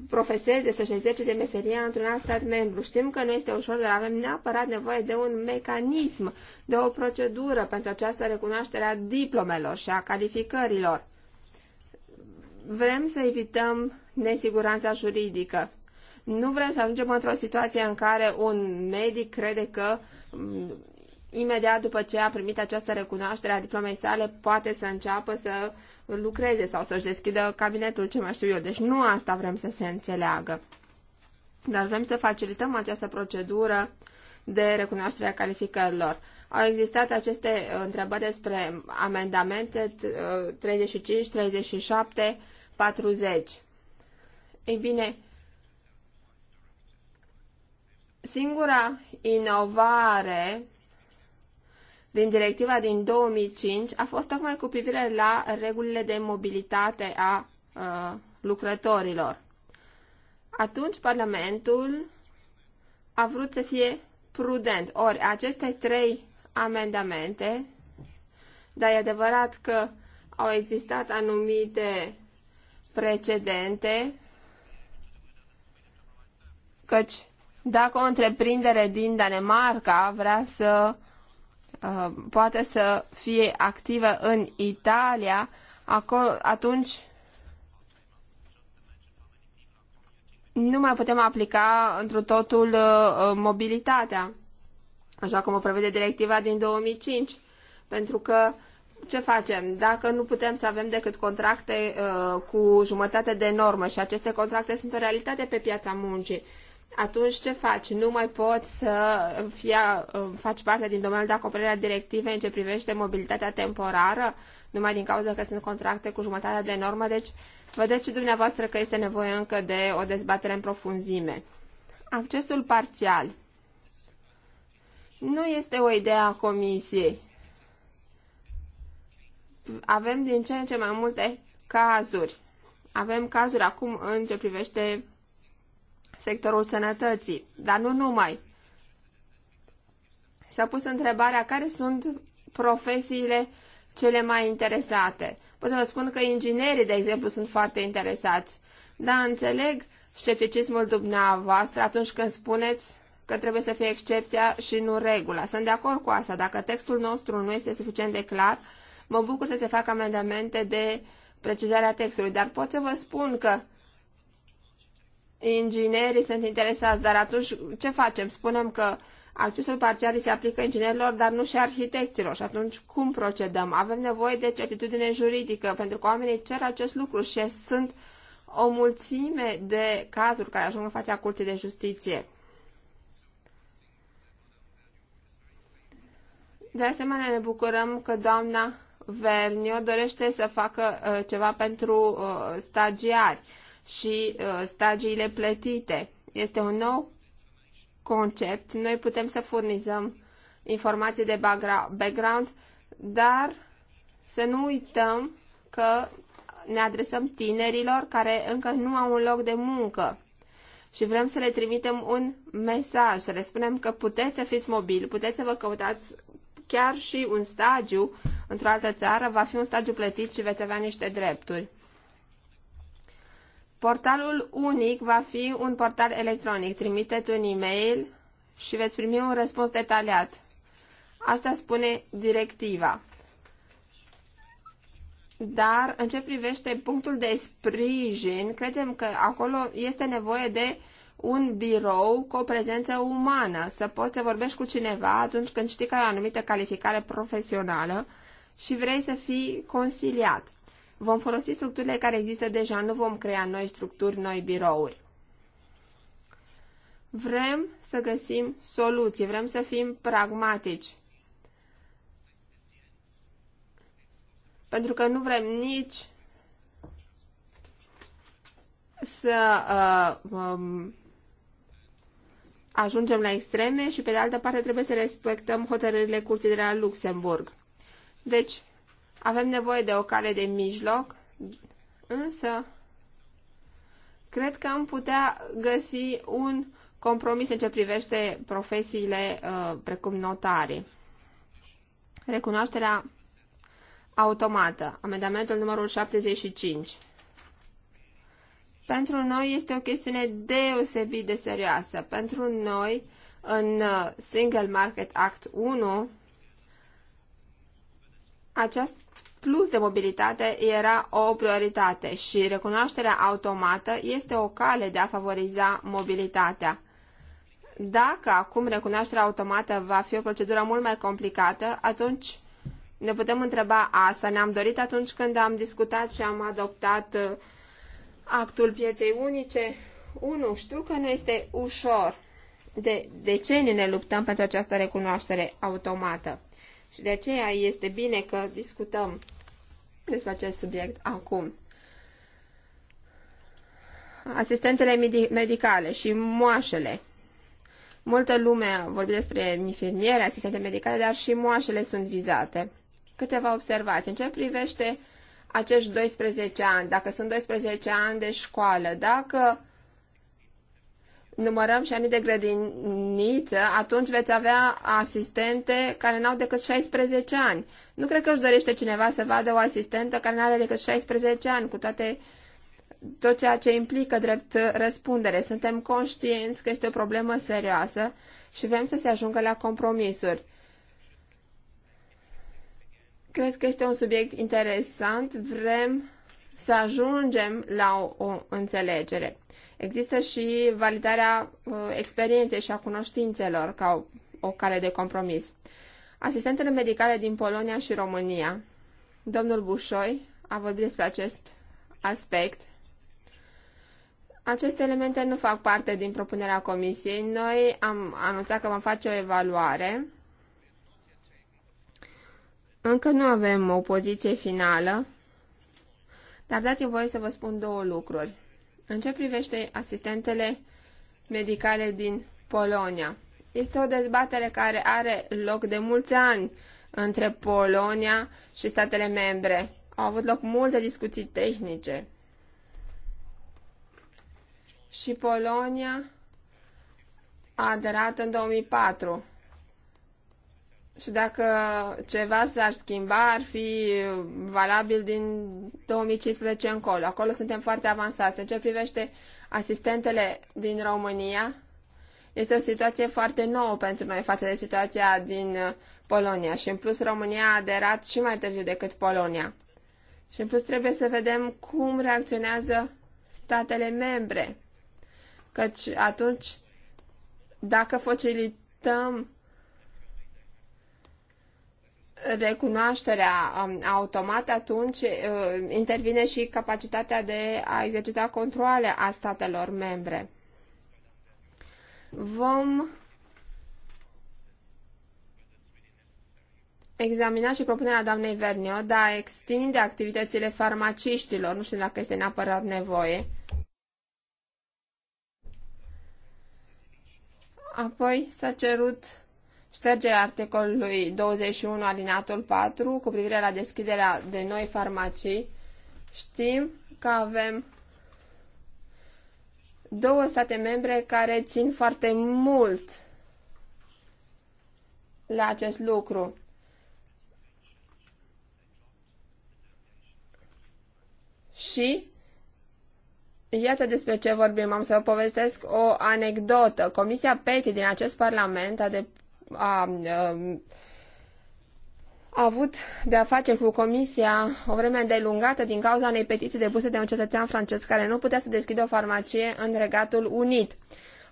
profeseze, să-și de meseria într-un alt stat membru. Știm că nu este ușor, dar avem neapărat nevoie de un mecanism, de o procedură pentru această recunoaștere a diplomelor și a calificărilor. Vrem să evităm nesiguranța juridică. Nu vrem să ajungem într-o situație în care un medic crede că mm, imediat după ce a primit această recunoaștere a diplomei sale, poate să înceapă să lucreze sau să-și deschidă cabinetul, ce mai știu eu. Deci nu asta vrem să se înțeleagă. Dar vrem să facilităm această procedură de recunoaștere a calificărilor. Au existat aceste uh, întrebări despre amendamente 35, 37, 40. Ei bine, singura inovare din directiva din 2005 a fost tocmai cu privire la regulile de mobilitate a uh, lucrătorilor. Atunci Parlamentul a vrut să fie prudent. Ori aceste trei amendamente, dar e adevărat că au existat anumite precedente căci dacă o întreprindere din Danemarca vrea să uh, poate să fie activă în Italia, acolo, atunci nu mai putem aplica într totul uh, uh, mobilitatea, așa cum o prevede directiva din 2005, pentru că ce facem? Dacă nu putem să avem decât contracte uh, cu jumătate de normă și aceste contracte sunt o realitate pe piața muncii, atunci ce faci? Nu mai poți să fie, faci parte din domeniul de acoperire a directivei în ce privește mobilitatea temporară, numai din cauza că sunt contracte cu jumătate de normă, deci vedeți și dumneavoastră că este nevoie încă de o dezbatere în profunzime. Accesul parțial nu este o idee a comisiei. Avem din ce în ce mai multe cazuri. Avem cazuri acum în ce privește sectorul sănătății, dar nu numai. S-a pus întrebarea care sunt profesiile cele mai interesate. Pot să vă spun că inginerii, de exemplu, sunt foarte interesați. Dar înțeleg scepticismul dumneavoastră atunci când spuneți că trebuie să fie excepția și nu regula. Sunt de acord cu asta. Dacă textul nostru nu este suficient de clar, mă bucur să se facă amendamente de precizarea textului. Dar pot să vă spun că inginerii sunt interesați, dar atunci ce facem? Spunem că accesul parțial se aplică inginerilor, dar nu și arhitecților. Și atunci cum procedăm? Avem nevoie de certitudine juridică, pentru că oamenii cer acest lucru și sunt o mulțime de cazuri care ajung în fața Curții de Justiție. De asemenea, ne bucurăm că doamna Vernio dorește să facă uh, ceva pentru uh, stagiari. Uh, și uh, stagiile plătite. Este un nou concept. Noi putem să furnizăm informații de background, dar să nu uităm că ne adresăm tinerilor care încă nu au un loc de muncă și vrem să le trimitem un mesaj, să le spunem că puteți să fiți mobili, puteți să vă căutați chiar și un stagiu într-o altă țară, va fi un stagiu plătit și veți avea niște drepturi. Portalul unic va fi un portal electronic. Trimiteți un e-mail și veți primi un răspuns detaliat. Asta spune directiva. Dar în ce privește punctul de sprijin, credem că acolo este nevoie de un birou cu o prezență umană, să poți să vorbești cu cineva atunci când știi că ai o anumită calificare profesională și vrei să fii consiliat. Vom folosi structurile care există deja, nu vom crea noi structuri, noi birouri. Vrem să găsim soluții, vrem să fim pragmatici. Pentru că nu vrem nici să uh, um, ajungem la extreme și, pe de altă parte, trebuie să respectăm hotărârile curții de la Luxemburg. Deci, avem nevoie de o cale de mijloc, însă cred că am putea găsi un compromis în ce privește profesiile uh, precum notare. Recunoașterea automată, amendamentul numărul 75. Pentru noi este o chestiune deosebit de serioasă. Pentru noi, în uh, Single Market Act 1, acest plus de mobilitate era o prioritate și recunoașterea automată este o cale de a favoriza mobilitatea. Dacă acum recunoașterea automată va fi o procedură mult mai complicată, atunci ne putem întreba asta. Ne-am dorit atunci când am discutat și am adoptat uh, actul pieței unice. Unu, știu că nu este ușor. De decenii ne luptăm pentru această recunoaștere automată. Și de aceea este bine că discutăm despre acest subiect acum. Asistentele medicale și moașele. Multă lume a vorbit despre infirmiere, asistente medicale, dar și moașele sunt vizate. Câteva observații. În ce privește acești 12 ani, dacă sunt 12 ani de școală, dacă numărăm și anii de grădiniță, atunci veți avea asistente care n-au decât 16 ani. Nu cred că își dorește cineva să vadă o asistentă care n-are decât 16 ani, cu toate tot ceea ce implică drept răspundere. Suntem conștienți că este o problemă serioasă și vrem să se ajungă la compromisuri. Cred că este un subiect interesant. Vrem să ajungem la o, o înțelegere. Există și validarea uh, experienței și a cunoștințelor ca o, o cale de compromis. Asistentele medicale din Polonia și România. Domnul Bușoi a vorbit despre acest aspect. Aceste elemente nu fac parte din propunerea comisiei. Noi am anunțat că vom face o evaluare. Încă nu avem o poziție finală, dar dați-mi voie să vă spun două lucruri. În ce privește asistentele medicale din Polonia? Este o dezbatere care are loc de mulți ani între Polonia și statele membre. Au avut loc multe discuții tehnice. Și Polonia a aderat în 2004. Și dacă ceva s-ar schimba, ar fi valabil din 2015 încolo. Acolo suntem foarte avansați. În ce privește asistentele din România, este o situație foarte nouă pentru noi față de situația din uh, Polonia. Și în plus România a aderat și mai târziu decât Polonia. Și în plus trebuie să vedem cum reacționează statele membre. Căci atunci, dacă facilităm recunoașterea um, automată, atunci uh, intervine și capacitatea de a exercita controle a statelor membre. Vom examina și propunerea doamnei Vernio de a extinde activitățile farmaciștilor. Nu știu dacă este neapărat nevoie. Apoi s-a cerut ștergerea articolului 21 alineatul 4 cu privire la deschiderea de noi farmacii, știm că avem două state membre care țin foarte mult la acest lucru. Și Iată despre ce vorbim. Am să vă povestesc o anecdotă. Comisia PETI din acest parlament a, de, a, a avut de a face cu comisia o vreme îndelungată din cauza unei petiții depuse de un cetățean francez care nu putea să deschidă o farmacie în Regatul Unit.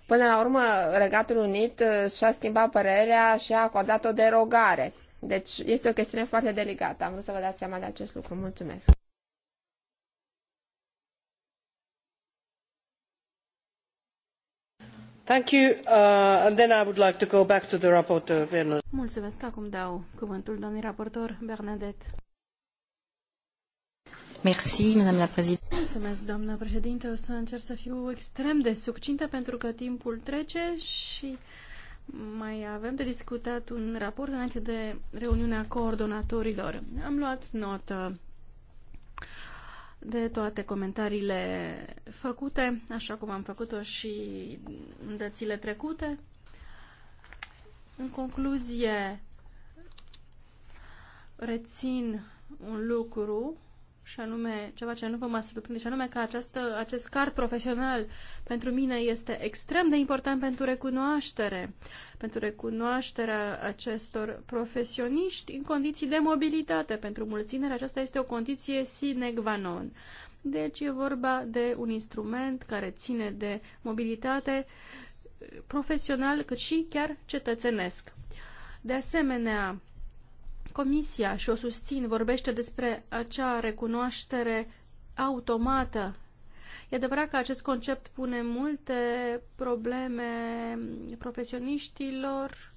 Până la urmă, Regatul Unit uh, și-a schimbat părerea și a acordat o derogare. Deci este o chestiune foarte delicată. Am vrut să vă dați seama de acest lucru. Mulțumesc. Thank you. Uh, Mulțumesc. Acum dau cuvântul domnului raportor Bernadette. Merci, la Mulțumesc, doamnă președinte. O să încerc să fiu extrem de succintă pentru că timpul trece și mai avem de discutat un raport înainte de reuniunea coordonatorilor. Am luat notă de toate comentariile făcute, așa cum am făcut-o și în dățile trecute. În concluzie, rețin un lucru și anume ceva ce nu vă mai surprinde, și anume că această, acest card profesional pentru mine este extrem de important pentru recunoaștere, pentru recunoașterea acestor profesioniști în condiții de mobilitate. Pentru mulți tineri aceasta este o condiție sine qua non. Deci e vorba de un instrument care ține de mobilitate profesional cât și chiar cetățenesc. De asemenea, Comisia, și o susțin, vorbește despre acea recunoaștere automată. E adevărat că acest concept pune multe probleme profesioniștilor,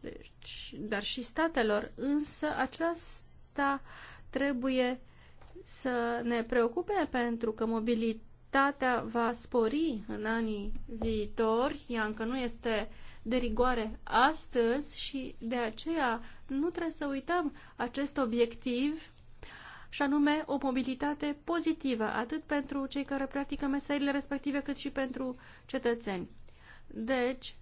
deci, dar și statelor, însă aceasta trebuie să ne preocupe pentru că mobilitatea va spori în anii viitori. Ea încă nu este uh, de rigoare astăzi și de aceea nu trebuie să uităm acest obiectiv și anume o mobilitate pozitivă, atât pentru cei care practică meserile respective, cât și pentru cetățeni. Deci,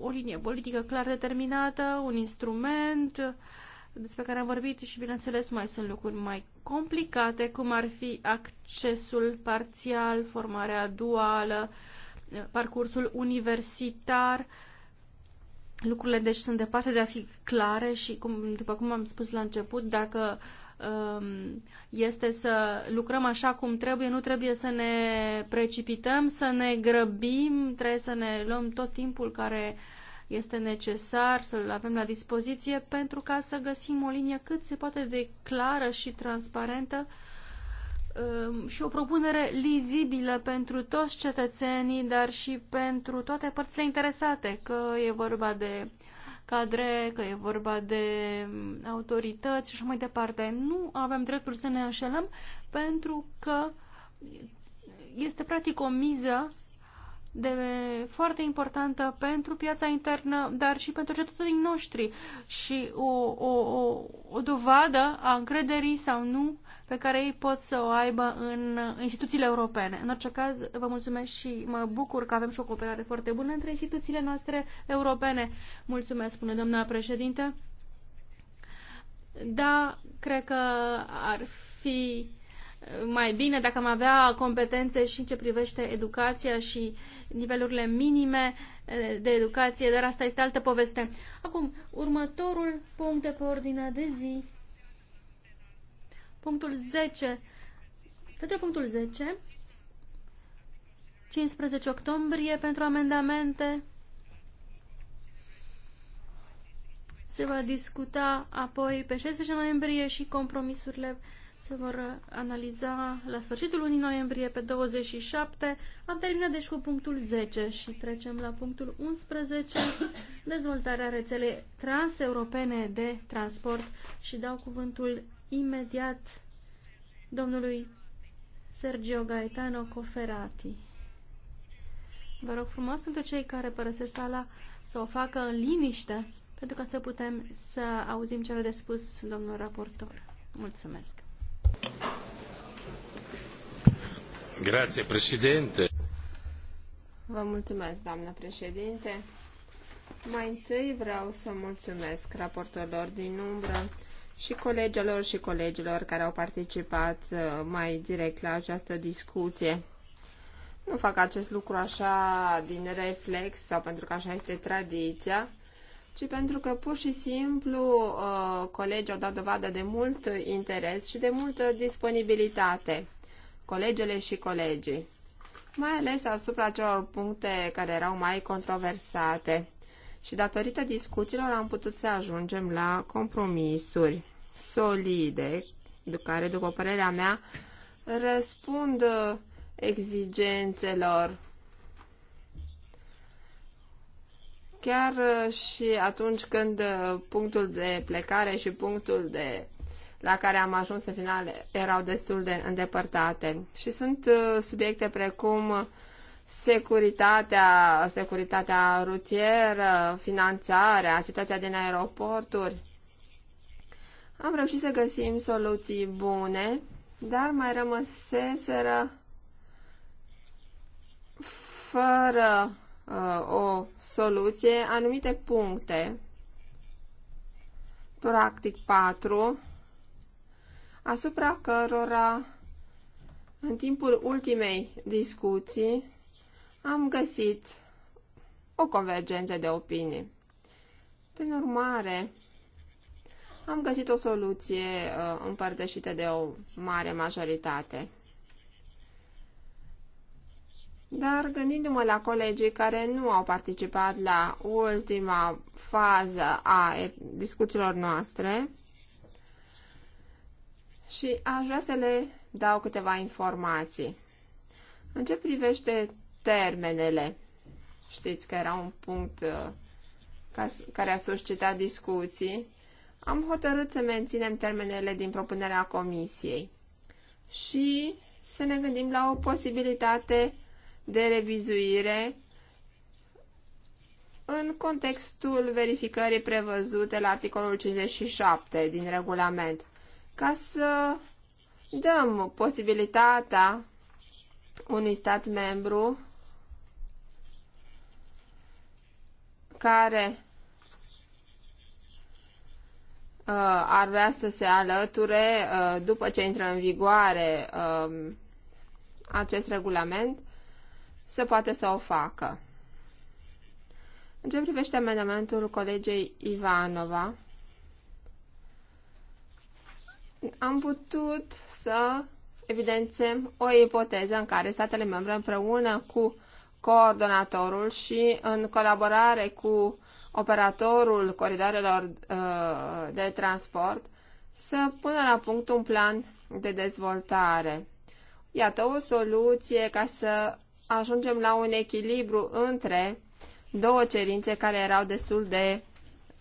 o linie politică clar determinată, un instrument despre care am vorbit și, bineînțeles, mai sunt lucruri mai complicate, cum ar fi accesul parțial, formarea duală, uh, parcursul universitar. Lucrurile deci sunt departe de a fi clare și, cum, după cum am spus la început, dacă um, este să lucrăm așa cum trebuie, nu trebuie să ne precipităm, să ne grăbim, trebuie să ne luăm tot timpul care este necesar să-l avem la dispoziție pentru ca să găsim o linie cât se poate de clară și transparentă uh, Um, și o propunere lizibilă pentru toți cetățenii, dar și pentru toate părțile interesate, că e vorba de cadre, că e vorba de um, autorități și așa mai departe. Nu avem dreptul să ne înșelăm pentru că este practic o miză de foarte importantă pentru piața internă, dar și pentru cetățenii noștri și o, o, o, o dovadă a încrederii sau nu pe care ei pot să o aibă în instituțiile europene. În orice caz, vă mulțumesc și mă bucur că avem și o cooperare foarte bună între instituțiile noastre europene. Mulțumesc, spune doamna președinte. Da, cred că ar fi mai bine dacă am avea competențe și în ce privește educația și nivelurile minime de educație, dar asta este altă poveste. Acum, următorul punct de pe ordinea de zi punctul 10. Pentru punctul 10, 15 octombrie pentru amendamente, se va discuta apoi pe 16 noiembrie și compromisurile se vor analiza la sfârșitul lunii noiembrie pe 27. Am terminat deci cu punctul 10 și trecem la punctul 11, dezvoltarea rețelei transeuropene de transport și dau cuvântul imediat domnului Sergio Gaetano Coferati. Vă rog frumos pentru cei care părăsesc sala să o facă în liniște, pentru ca să putem să auzim ce a de spus domnul raportor. Mulțumesc! Grazie, președinte! Vă mulțumesc, doamnă președinte! Mai întâi vreau să mulțumesc raportorilor din umbră și colegelor și colegilor care au participat uh, mai direct la această discuție. Nu fac acest lucru așa din reflex sau pentru că așa este tradiția, ci pentru că pur și simplu uh, colegii au dat dovadă de mult interes și de multă disponibilitate, colegele și colegii, mai ales asupra celor puncte care erau mai controversate. Și datorită discuțiilor am putut să ajungem la compromisuri solide, de care, după părerea mea, răspund uh, exigențelor chiar uh, și atunci când uh, punctul de plecare și punctul de la care am ajuns în final erau destul de îndepărtate. Și sunt subiecte precum securitatea, securitatea rutieră, finanțarea, situația din aeroporturi. Am reușit să găsim soluții bune, dar mai rămăseseră fără uh, o soluție anumite puncte. Practic 4 asupra cărora în timpul ultimei discuții am găsit o convergență de opinii. Prin urmare, am găsit o soluție uh, împărtășită de o mare majoritate. Dar gândindu-mă la colegii care nu au participat la ultima fază a discuțiilor noastre și aș vrea să le dau câteva informații. În ce privește termenele. Știți că era un punct uh, care a suscitat discuții. Am hotărât să menținem termenele din propunerea comisiei și să ne gândim la o posibilitate de revizuire în contextul verificării prevăzute la articolul 57 din regulament, ca să dăm posibilitatea unui stat membru care uh, ar vrea să se alăture uh, după ce intră în vigoare um, acest regulament, se poate să o facă. În ce privește amendamentul colegei Ivanova, am putut să evidențiem o ipoteză în care statele membre împreună cu coordonatorul și în colaborare cu operatorul coridoarelor uh, de transport să pună la punct un plan de dezvoltare. Iată o soluție ca să ajungem la un echilibru între două cerințe care erau destul de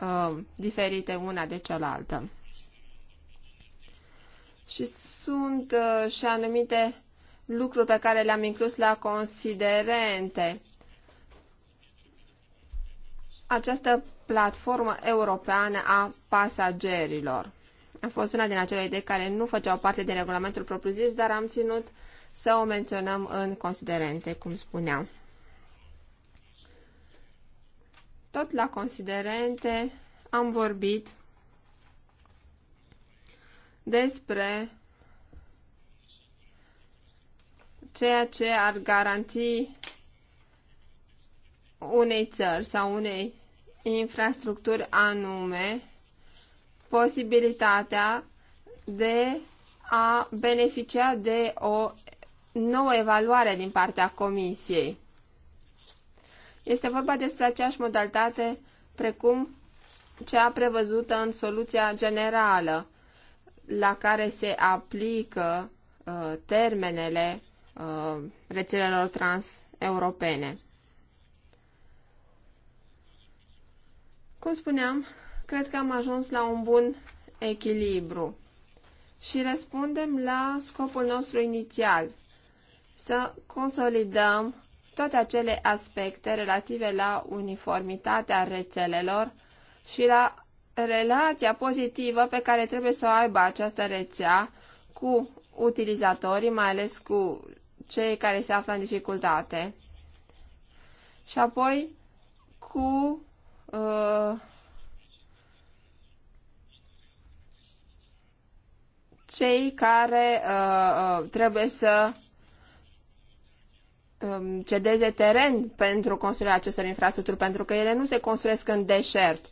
uh, diferite una de cealaltă. Și sunt uh, și anumite lucruri pe care le-am inclus la considerente. Această platformă europeană a pasagerilor a fost una din acele idei care nu făceau parte din regulamentul propriu-zis, dar am ținut să o menționăm în considerente, cum spuneam. Tot la considerente am vorbit despre ceea ce ar garanti unei țări sau unei infrastructuri anume posibilitatea de a beneficia de o nouă evaluare din partea comisiei. Este vorba despre aceeași modalitate precum cea prevăzută în soluția generală, la care se aplică uh, termenele Uh, rețelelor transeuropene. Cum spuneam, cred că am ajuns la un bun echilibru și răspundem la scopul nostru inițial, să consolidăm toate acele aspecte relative la uniformitatea rețelelor și la relația pozitivă pe care trebuie să o aibă această rețea cu utilizatorii, mai ales cu cei care se află în dificultate. Și apoi cu uh, cei care uh, uh trebuie să um, cedeze teren pentru construirea acestor infrastructuri, pentru că ele nu se construiesc în deșert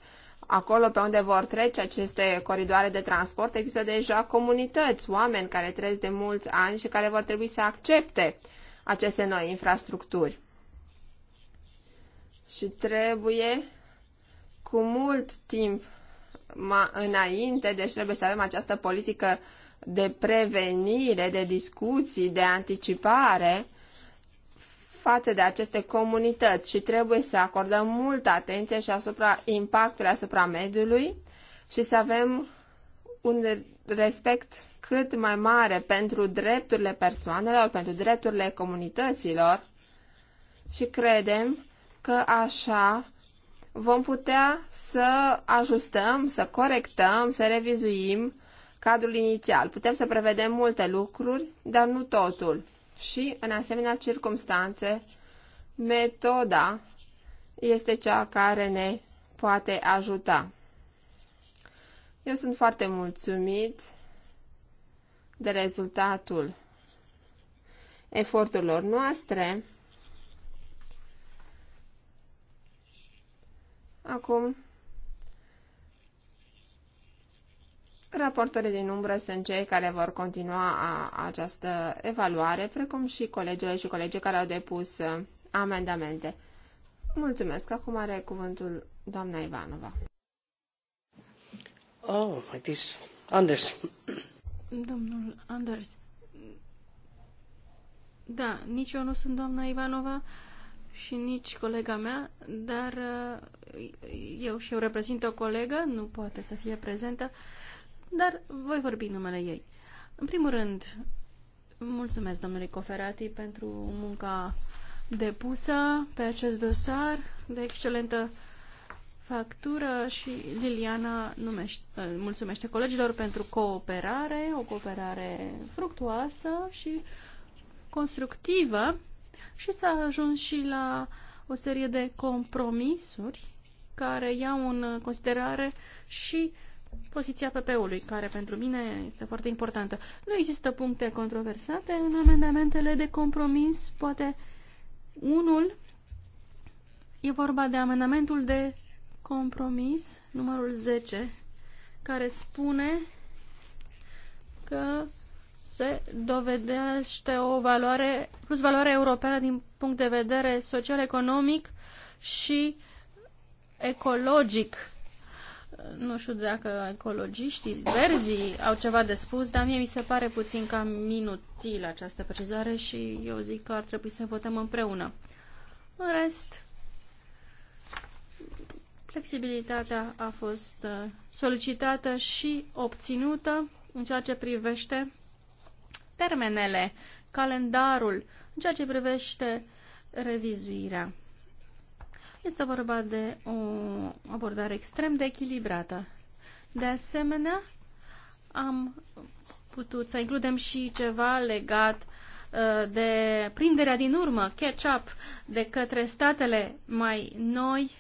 acolo pe unde vor trece aceste coridoare de transport, există deja comunități, oameni care trăiesc de mulți ani și care vor trebui să accepte aceste noi infrastructuri. Și trebuie cu mult timp înainte, deci trebuie să avem această politică de prevenire, de discuții, de anticipare, față de aceste comunități și trebuie să acordăm multă atenție și asupra impactului asupra mediului și să avem un respect cât mai mare pentru drepturile persoanelor, pentru drepturile comunităților și credem că așa vom putea să ajustăm, să corectăm, să revizuim cadrul inițial. Putem să prevedem multe lucruri, dar nu totul și, în asemenea circumstanțe, metoda este cea care ne poate ajuta. Eu sunt foarte mulțumit de rezultatul eforturilor noastre. Acum Raportorii din umbră sunt cei care vor continua a, această evaluare, precum și colegele și colegii care au depus uh, amendamente. Mulțumesc. Acum are cuvântul doamna Ivanova. Oh, my this Anders. Domnul Anders. Da, nici eu nu sunt doamna Ivanova și nici colega mea, dar uh, eu și eu reprezint o colegă, nu poate să fie prezentă. Uh, dar voi vorbi numele ei. În primul rând, mulțumesc domnului Coferati pentru munca depusă pe acest dosar de excelentă factură și Liliana numește, ă, mulțumește colegilor pentru cooperare, o cooperare fructuoasă și constructivă și s-a ajuns și la o serie de compromisuri care iau în considerare și uh, poziția PP-ului, care pentru mine este foarte importantă. Nu există puncte controversate în amendamentele de compromis, poate unul e vorba de amendamentul de compromis, numărul 10, care spune că se dovedește o valoare, plus valoare europeană din punct de vedere social-economic și ecologic nu știu dacă ecologiștii, verzii au ceva de spus, dar mie mi se pare puțin cam minutil această precizare și eu zic că ar trebui să votăm împreună. În rest, flexibilitatea a fost uh, solicitată și obținută în ceea ce privește termenele, calendarul, în ceea ce privește revizuirea. Este vorba de o abordare extrem de echilibrată. De asemenea, am putut să includem și ceva legat uh, de prinderea din urmă, catch-up, de către statele mai noi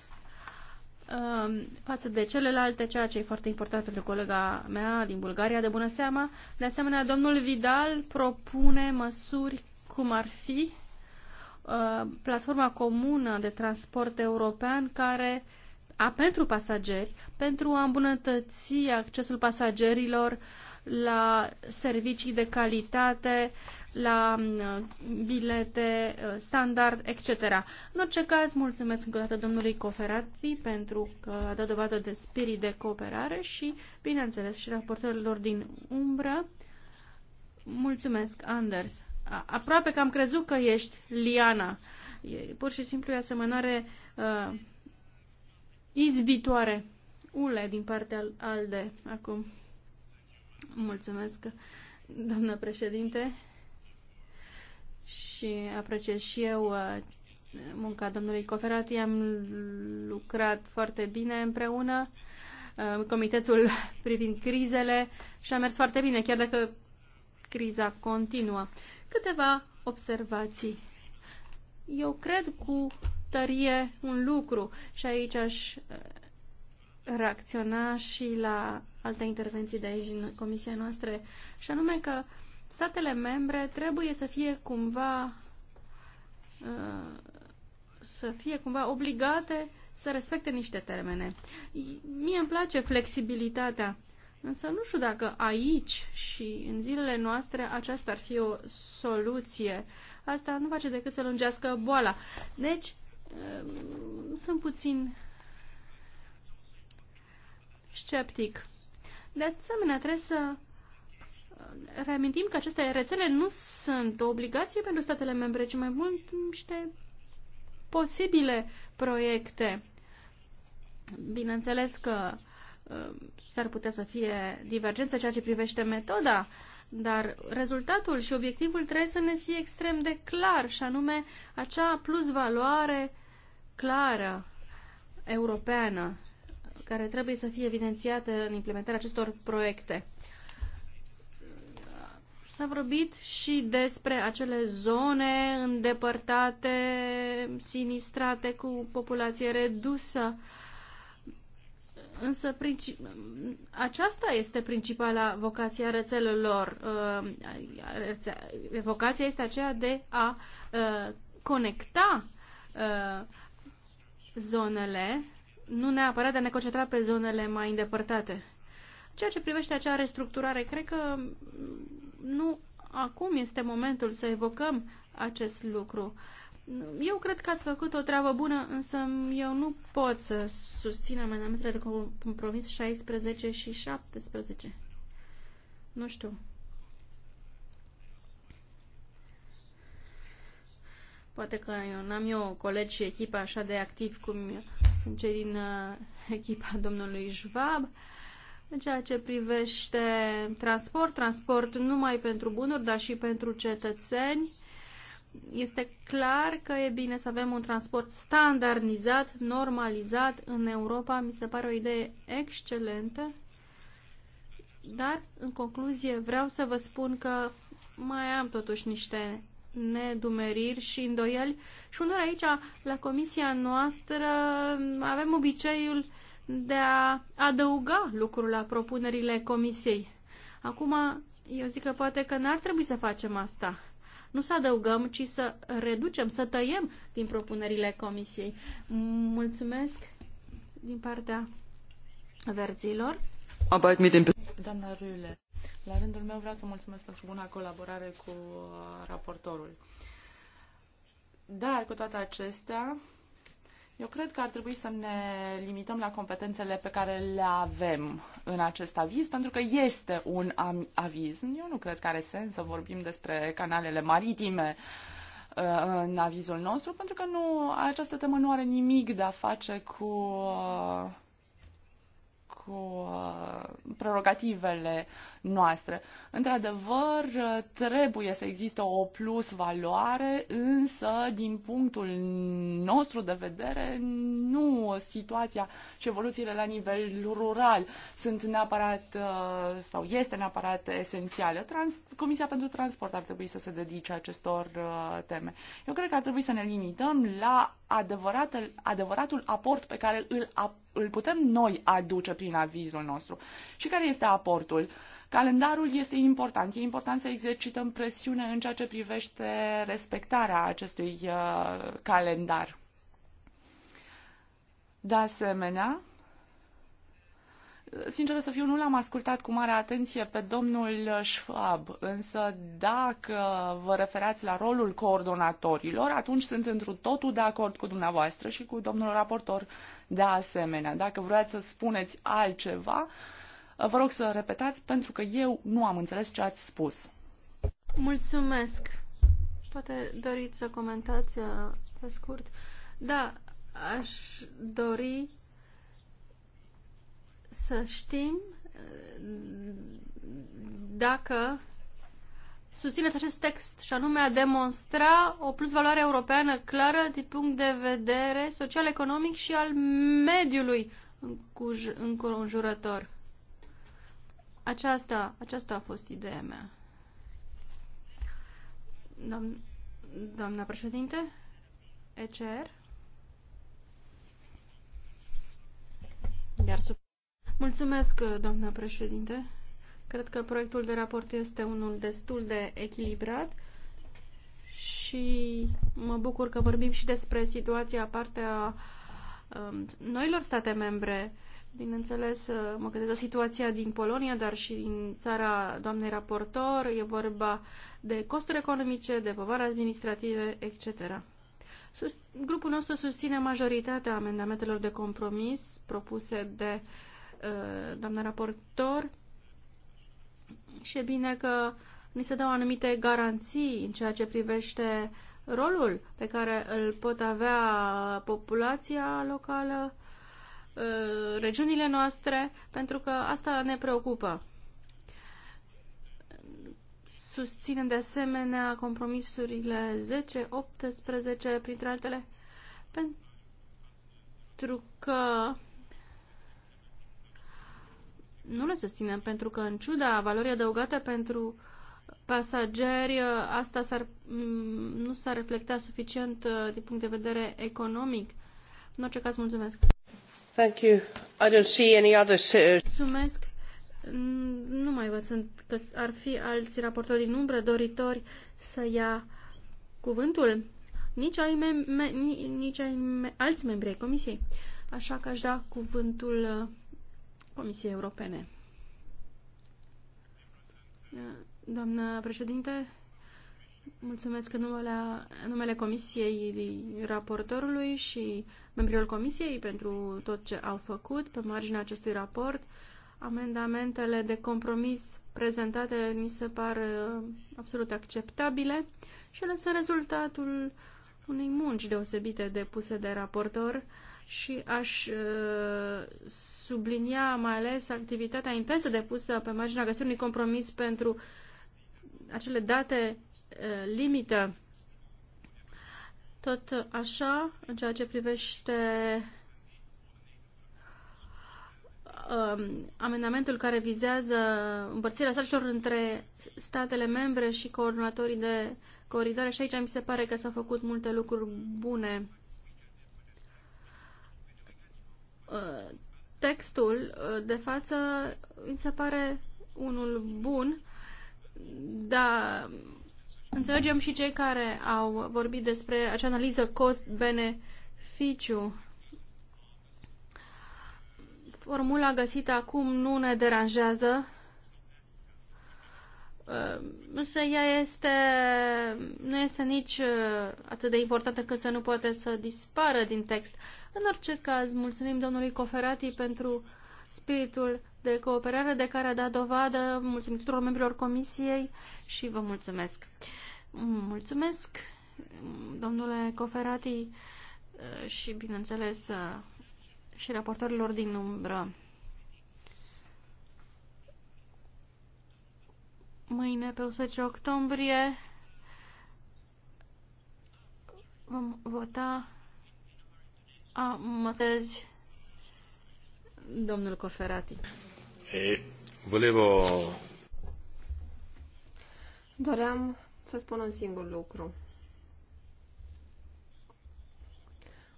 um, față de celelalte, ceea ce e foarte important pentru colega mea din Bulgaria, de bună seama. De asemenea, domnul Vidal propune măsuri cum ar fi Uh, platforma comună de transport european care a, pentru pasageri, pentru a îmbunătăți accesul pasagerilor la servicii de calitate, la uh, bilete uh, standard, etc. În orice caz, mulțumesc încă o dată domnului Coferati pentru că a dat dovadă de spirit de cooperare și, bineînțeles, și raportorilor din umbră. Mulțumesc, Anders. Aproape că am crezut că ești Liana. E pur și simplu e asemănare uh, izbitoare. Ule din partea ALDE acum. Mulțumesc, doamnă președinte. Și apreciez și eu uh, munca domnului Coferati. Am lucrat foarte bine împreună. Uh, comitetul *laughs* privind crizele și a mers foarte bine, chiar dacă criza continuă. Câteva observații. Eu cred cu tărie un lucru și aici aș eh, reacționa și la alte intervenții de aici în comisia noastră, și anume că statele membre trebuie să fie cumva eh, să fie cumva obligate să respecte niște termene. Mie îmi place flexibilitatea Însă nu știu dacă aici și în zilele noastre aceasta ar fi o soluție. Asta nu face decât să lungească boala. Deci, um, sunt puțin sceptic. De asemenea, trebuie să uh, reamintim că aceste rețele nu sunt o obligație pentru statele membre, ci mai mult niște posibile proiecte. Bineînțeles că uh, Uh, s-ar putea să fie divergență ceea ce privește metoda, dar rezultatul și obiectivul trebuie să ne fie extrem de clar, și anume acea plus valoare clară europeană care trebuie să fie evidențiată în implementarea acestor proiecte. S-a vorbit și despre acele zone îndepărtate, sinistrate, cu populație redusă. Uh, Însă aceasta este principala vocație a rețelelor. Uh, vocația este aceea de a uh, conecta uh, zonele, nu neapărat de a ne concentra pe zonele mai îndepărtate. Ceea ce privește acea restructurare, cred că nu acum este momentul să evocăm acest lucru. Uh, eu cred că ați făcut o treabă bună, însă eu nu pot să susțin amendamentele de compromis 16 și 17. Nu știu. Poate că eu n-am eu colegi și echipa așa de activ cum sunt cei din uh, echipa domnului Schwab. În ceea ce privește transport, transport numai pentru bunuri, dar și pentru cetățeni. Uh, este clar că e bine să avem un transport standardizat, normalizat în Europa. Mi se pare o idee excelentă. Dar, în concluzie, vreau să vă spun că mai am totuși niște nedumeriri și îndoieli. Și unor aici, la comisia noastră, avem obiceiul de a adăuga lucruri la propunerile comisiei. Acum, eu zic că poate că n-ar trebui să facem asta nu să adăugăm, ci să reducem, să tăiem din propunerile Comisiei. Mulțumesc din partea verzilor. Doamna Râle, la rândul meu vreau să mulțumesc pentru buna colaborare cu raportorul. Dar, cu toate acestea, eu cred că ar trebui să ne limităm la competențele pe care le avem în acest aviz, pentru că este un aviz. Eu nu cred că are sens să vorbim despre canalele maritime uh, în avizul nostru, pentru că nu, această temă nu are nimic de a face cu uh, cu uh, prerogativele noastre. Într-adevăr, trebuie să existe o plus valoare, însă, din punctul nostru de vedere, nu situația și evoluțiile la nivel rural sunt neapărat uh, sau este neapărat esențială. Trans- Comisia pentru Transport ar trebui să se dedice acestor uh, teme. Eu cred că ar trebui să ne limităm la adevăratul, adevăratul aport pe care îl îl putem noi aduce prin avizul nostru. Și care este aportul? Calendarul este important. E important să exercităm presiune în ceea ce privește respectarea acestui uh, calendar. De asemenea, Sincer să fiu, nu l-am ascultat cu mare atenție pe domnul Schwab, însă dacă vă referați la rolul coordonatorilor, atunci sunt întru totul de acord cu dumneavoastră și cu domnul raportor de asemenea. Dacă vreați să spuneți altceva, vă rog să repetați pentru că eu nu am înțeles ce ați spus. Mulțumesc. Poate doriți să comentați uh, pe scurt. Da, aș dori să știm uh, dacă susțineți acest text și anume a demonstra o plusvaloare europeană clară din punct de vedere social-economic și al mediului înconjurător. Aceasta, aceasta a fost ideea mea. Doamna, doamna președinte, ECR. Iar sub Mulțumesc, doamna președinte. Cred că proiectul de raport este unul destul de echilibrat și mă bucur că vorbim și despre situația partea um, noilor state membre. Bineînțeles, uh, mă gândesc la situația din Polonia, dar și din țara doamnei raportor. E vorba de costuri economice, de povară administrative, etc. Sus, grupul nostru susține majoritatea amendamentelor de compromis propuse de uh, Uh, doamnă raportor, și e bine că ni se dau anumite garanții în ceea ce privește rolul pe care îl pot avea populația locală, uh, regiunile noastre, pentru că asta ne preocupă. Susținem de asemenea compromisurile 10, 18, printre altele, pentru că nu le susținem, pentru că în ciuda valorii adăugate pentru pasageri, asta s-ar, mm, nu s-ar reflecta suficient uh, din punct de vedere economic. În orice caz, mulțumesc. Thank you. I don't see any other... Uh, mulțumesc. Mm, nu mai văd sunt că ar fi alți raportori din umbră doritori să ia cuvântul. Nici, ai mem- me- nici ai me- alți membri ai comisiei. Așa că aș da cuvântul uh, Comisiei Europene. Doamnă președinte, mulțumesc în numele, în numele Comisiei raportorului și membrilor Comisiei pentru tot ce au făcut pe marginea acestui raport. Amendamentele de compromis prezentate mi se par uh, absolut acceptabile și ele sunt rezultatul unei munci deosebite depuse de raportor și aș uh, sublinia mai ales activitatea intensă depusă pe marginea găsirii unui compromis pentru acele date uh, limită. Tot așa, în ceea ce privește um, amendamentul care vizează împărțirea sarcilor între statele membre și coordonatorii de coridoare și aici mi se pare că s-au făcut multe lucruri bune. Uh, textul uh, de față mi se pare unul bun, dar înțelegem și cei care au vorbit despre acea analiză cost-beneficiu. Formula găsită acum nu ne deranjează, uh, însă ea este, nu este nici atât de importantă cât să nu poate să dispară din text. În orice caz, mulțumim domnului Coferati pentru spiritul de cooperare de care a dat dovadă. Mulțumim tuturor membrilor comisiei și vă mulțumesc. Mulțumesc, domnule Coferati, și bineînțeles și raportorilor din umbră. Mâine, pe 11 octombrie, vom vota a, mă tezi, domnul Coferati. E, volevo... Doream să spun un singur lucru.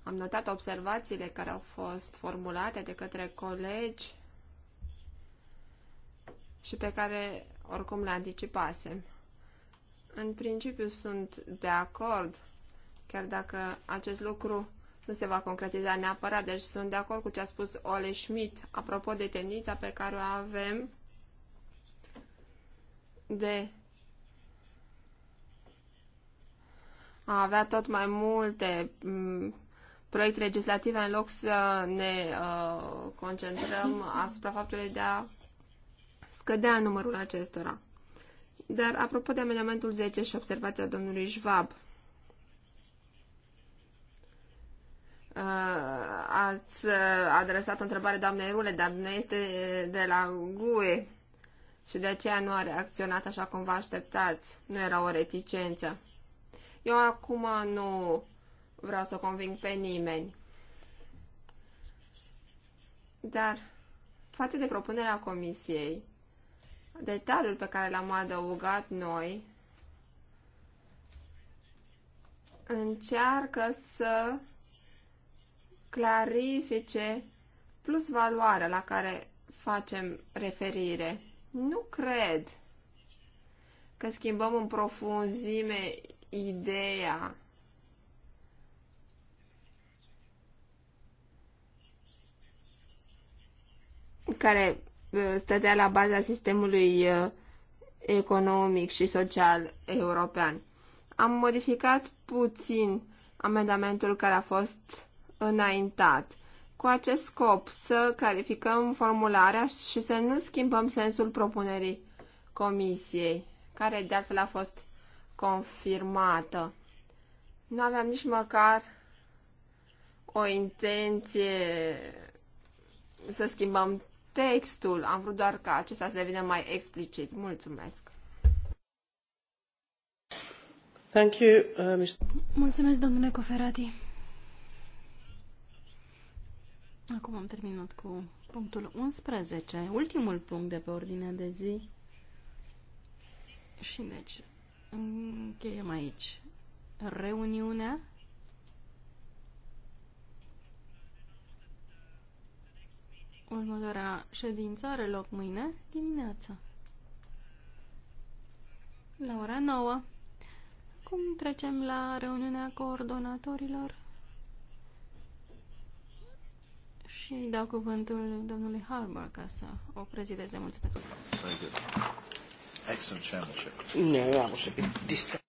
Am notat observațiile care au fost formulate de către colegi și pe care oricum le anticipasem. În principiu sunt de acord, chiar dacă acest lucru nu se va concretiza neapărat, deci sunt de acord cu ce a spus Ole Schmidt apropo de tendința pe care o avem de a avea tot mai multe mm, proiecte legislative în loc să ne uh, concentrăm asupra faptului de a scădea numărul acestora. Dar apropo de amendamentul 10 și observația domnului Schwab, Uh, ați uh, adresat o întrebare doamnei Rule, dar nu este uh, de la GUE și de aceea nu a reacționat așa cum vă așteptați. Nu era o reticență. Eu acum nu vreau să conving pe nimeni. Dar, față de propunerea comisiei, detaliul pe care l-am adăugat noi încearcă să clarifice plus valoarea la care facem referire. Nu cred că schimbăm în profunzime ideea care uh, stătea la baza sistemului uh, economic și social european. Am modificat puțin amendamentul care a fost înaintat. Cu acest scop, să clarificăm formularea și să nu schimbăm sensul propunerii comisiei, care de altfel a fost confirmată. Nu aveam nici măcar o intenție să schimbăm textul, am vrut doar ca acesta să devină mai explicit. Mulțumesc! Thank you, uh, Mr. Mulțumesc, domnule Coferati. Acum am terminat cu punctul 11, ultimul punct de pe ordinea de zi. Și deci încheiem aici reuniunea. Următoarea ședință are loc mâine dimineața. La ora 9. Acum trecem la reuniunea coordonatorilor. și dau cuvântul domnului Harbour ca să o prezideze. Mulțumesc. Thank you. Excellent chairmanship. No, I was a bit distant.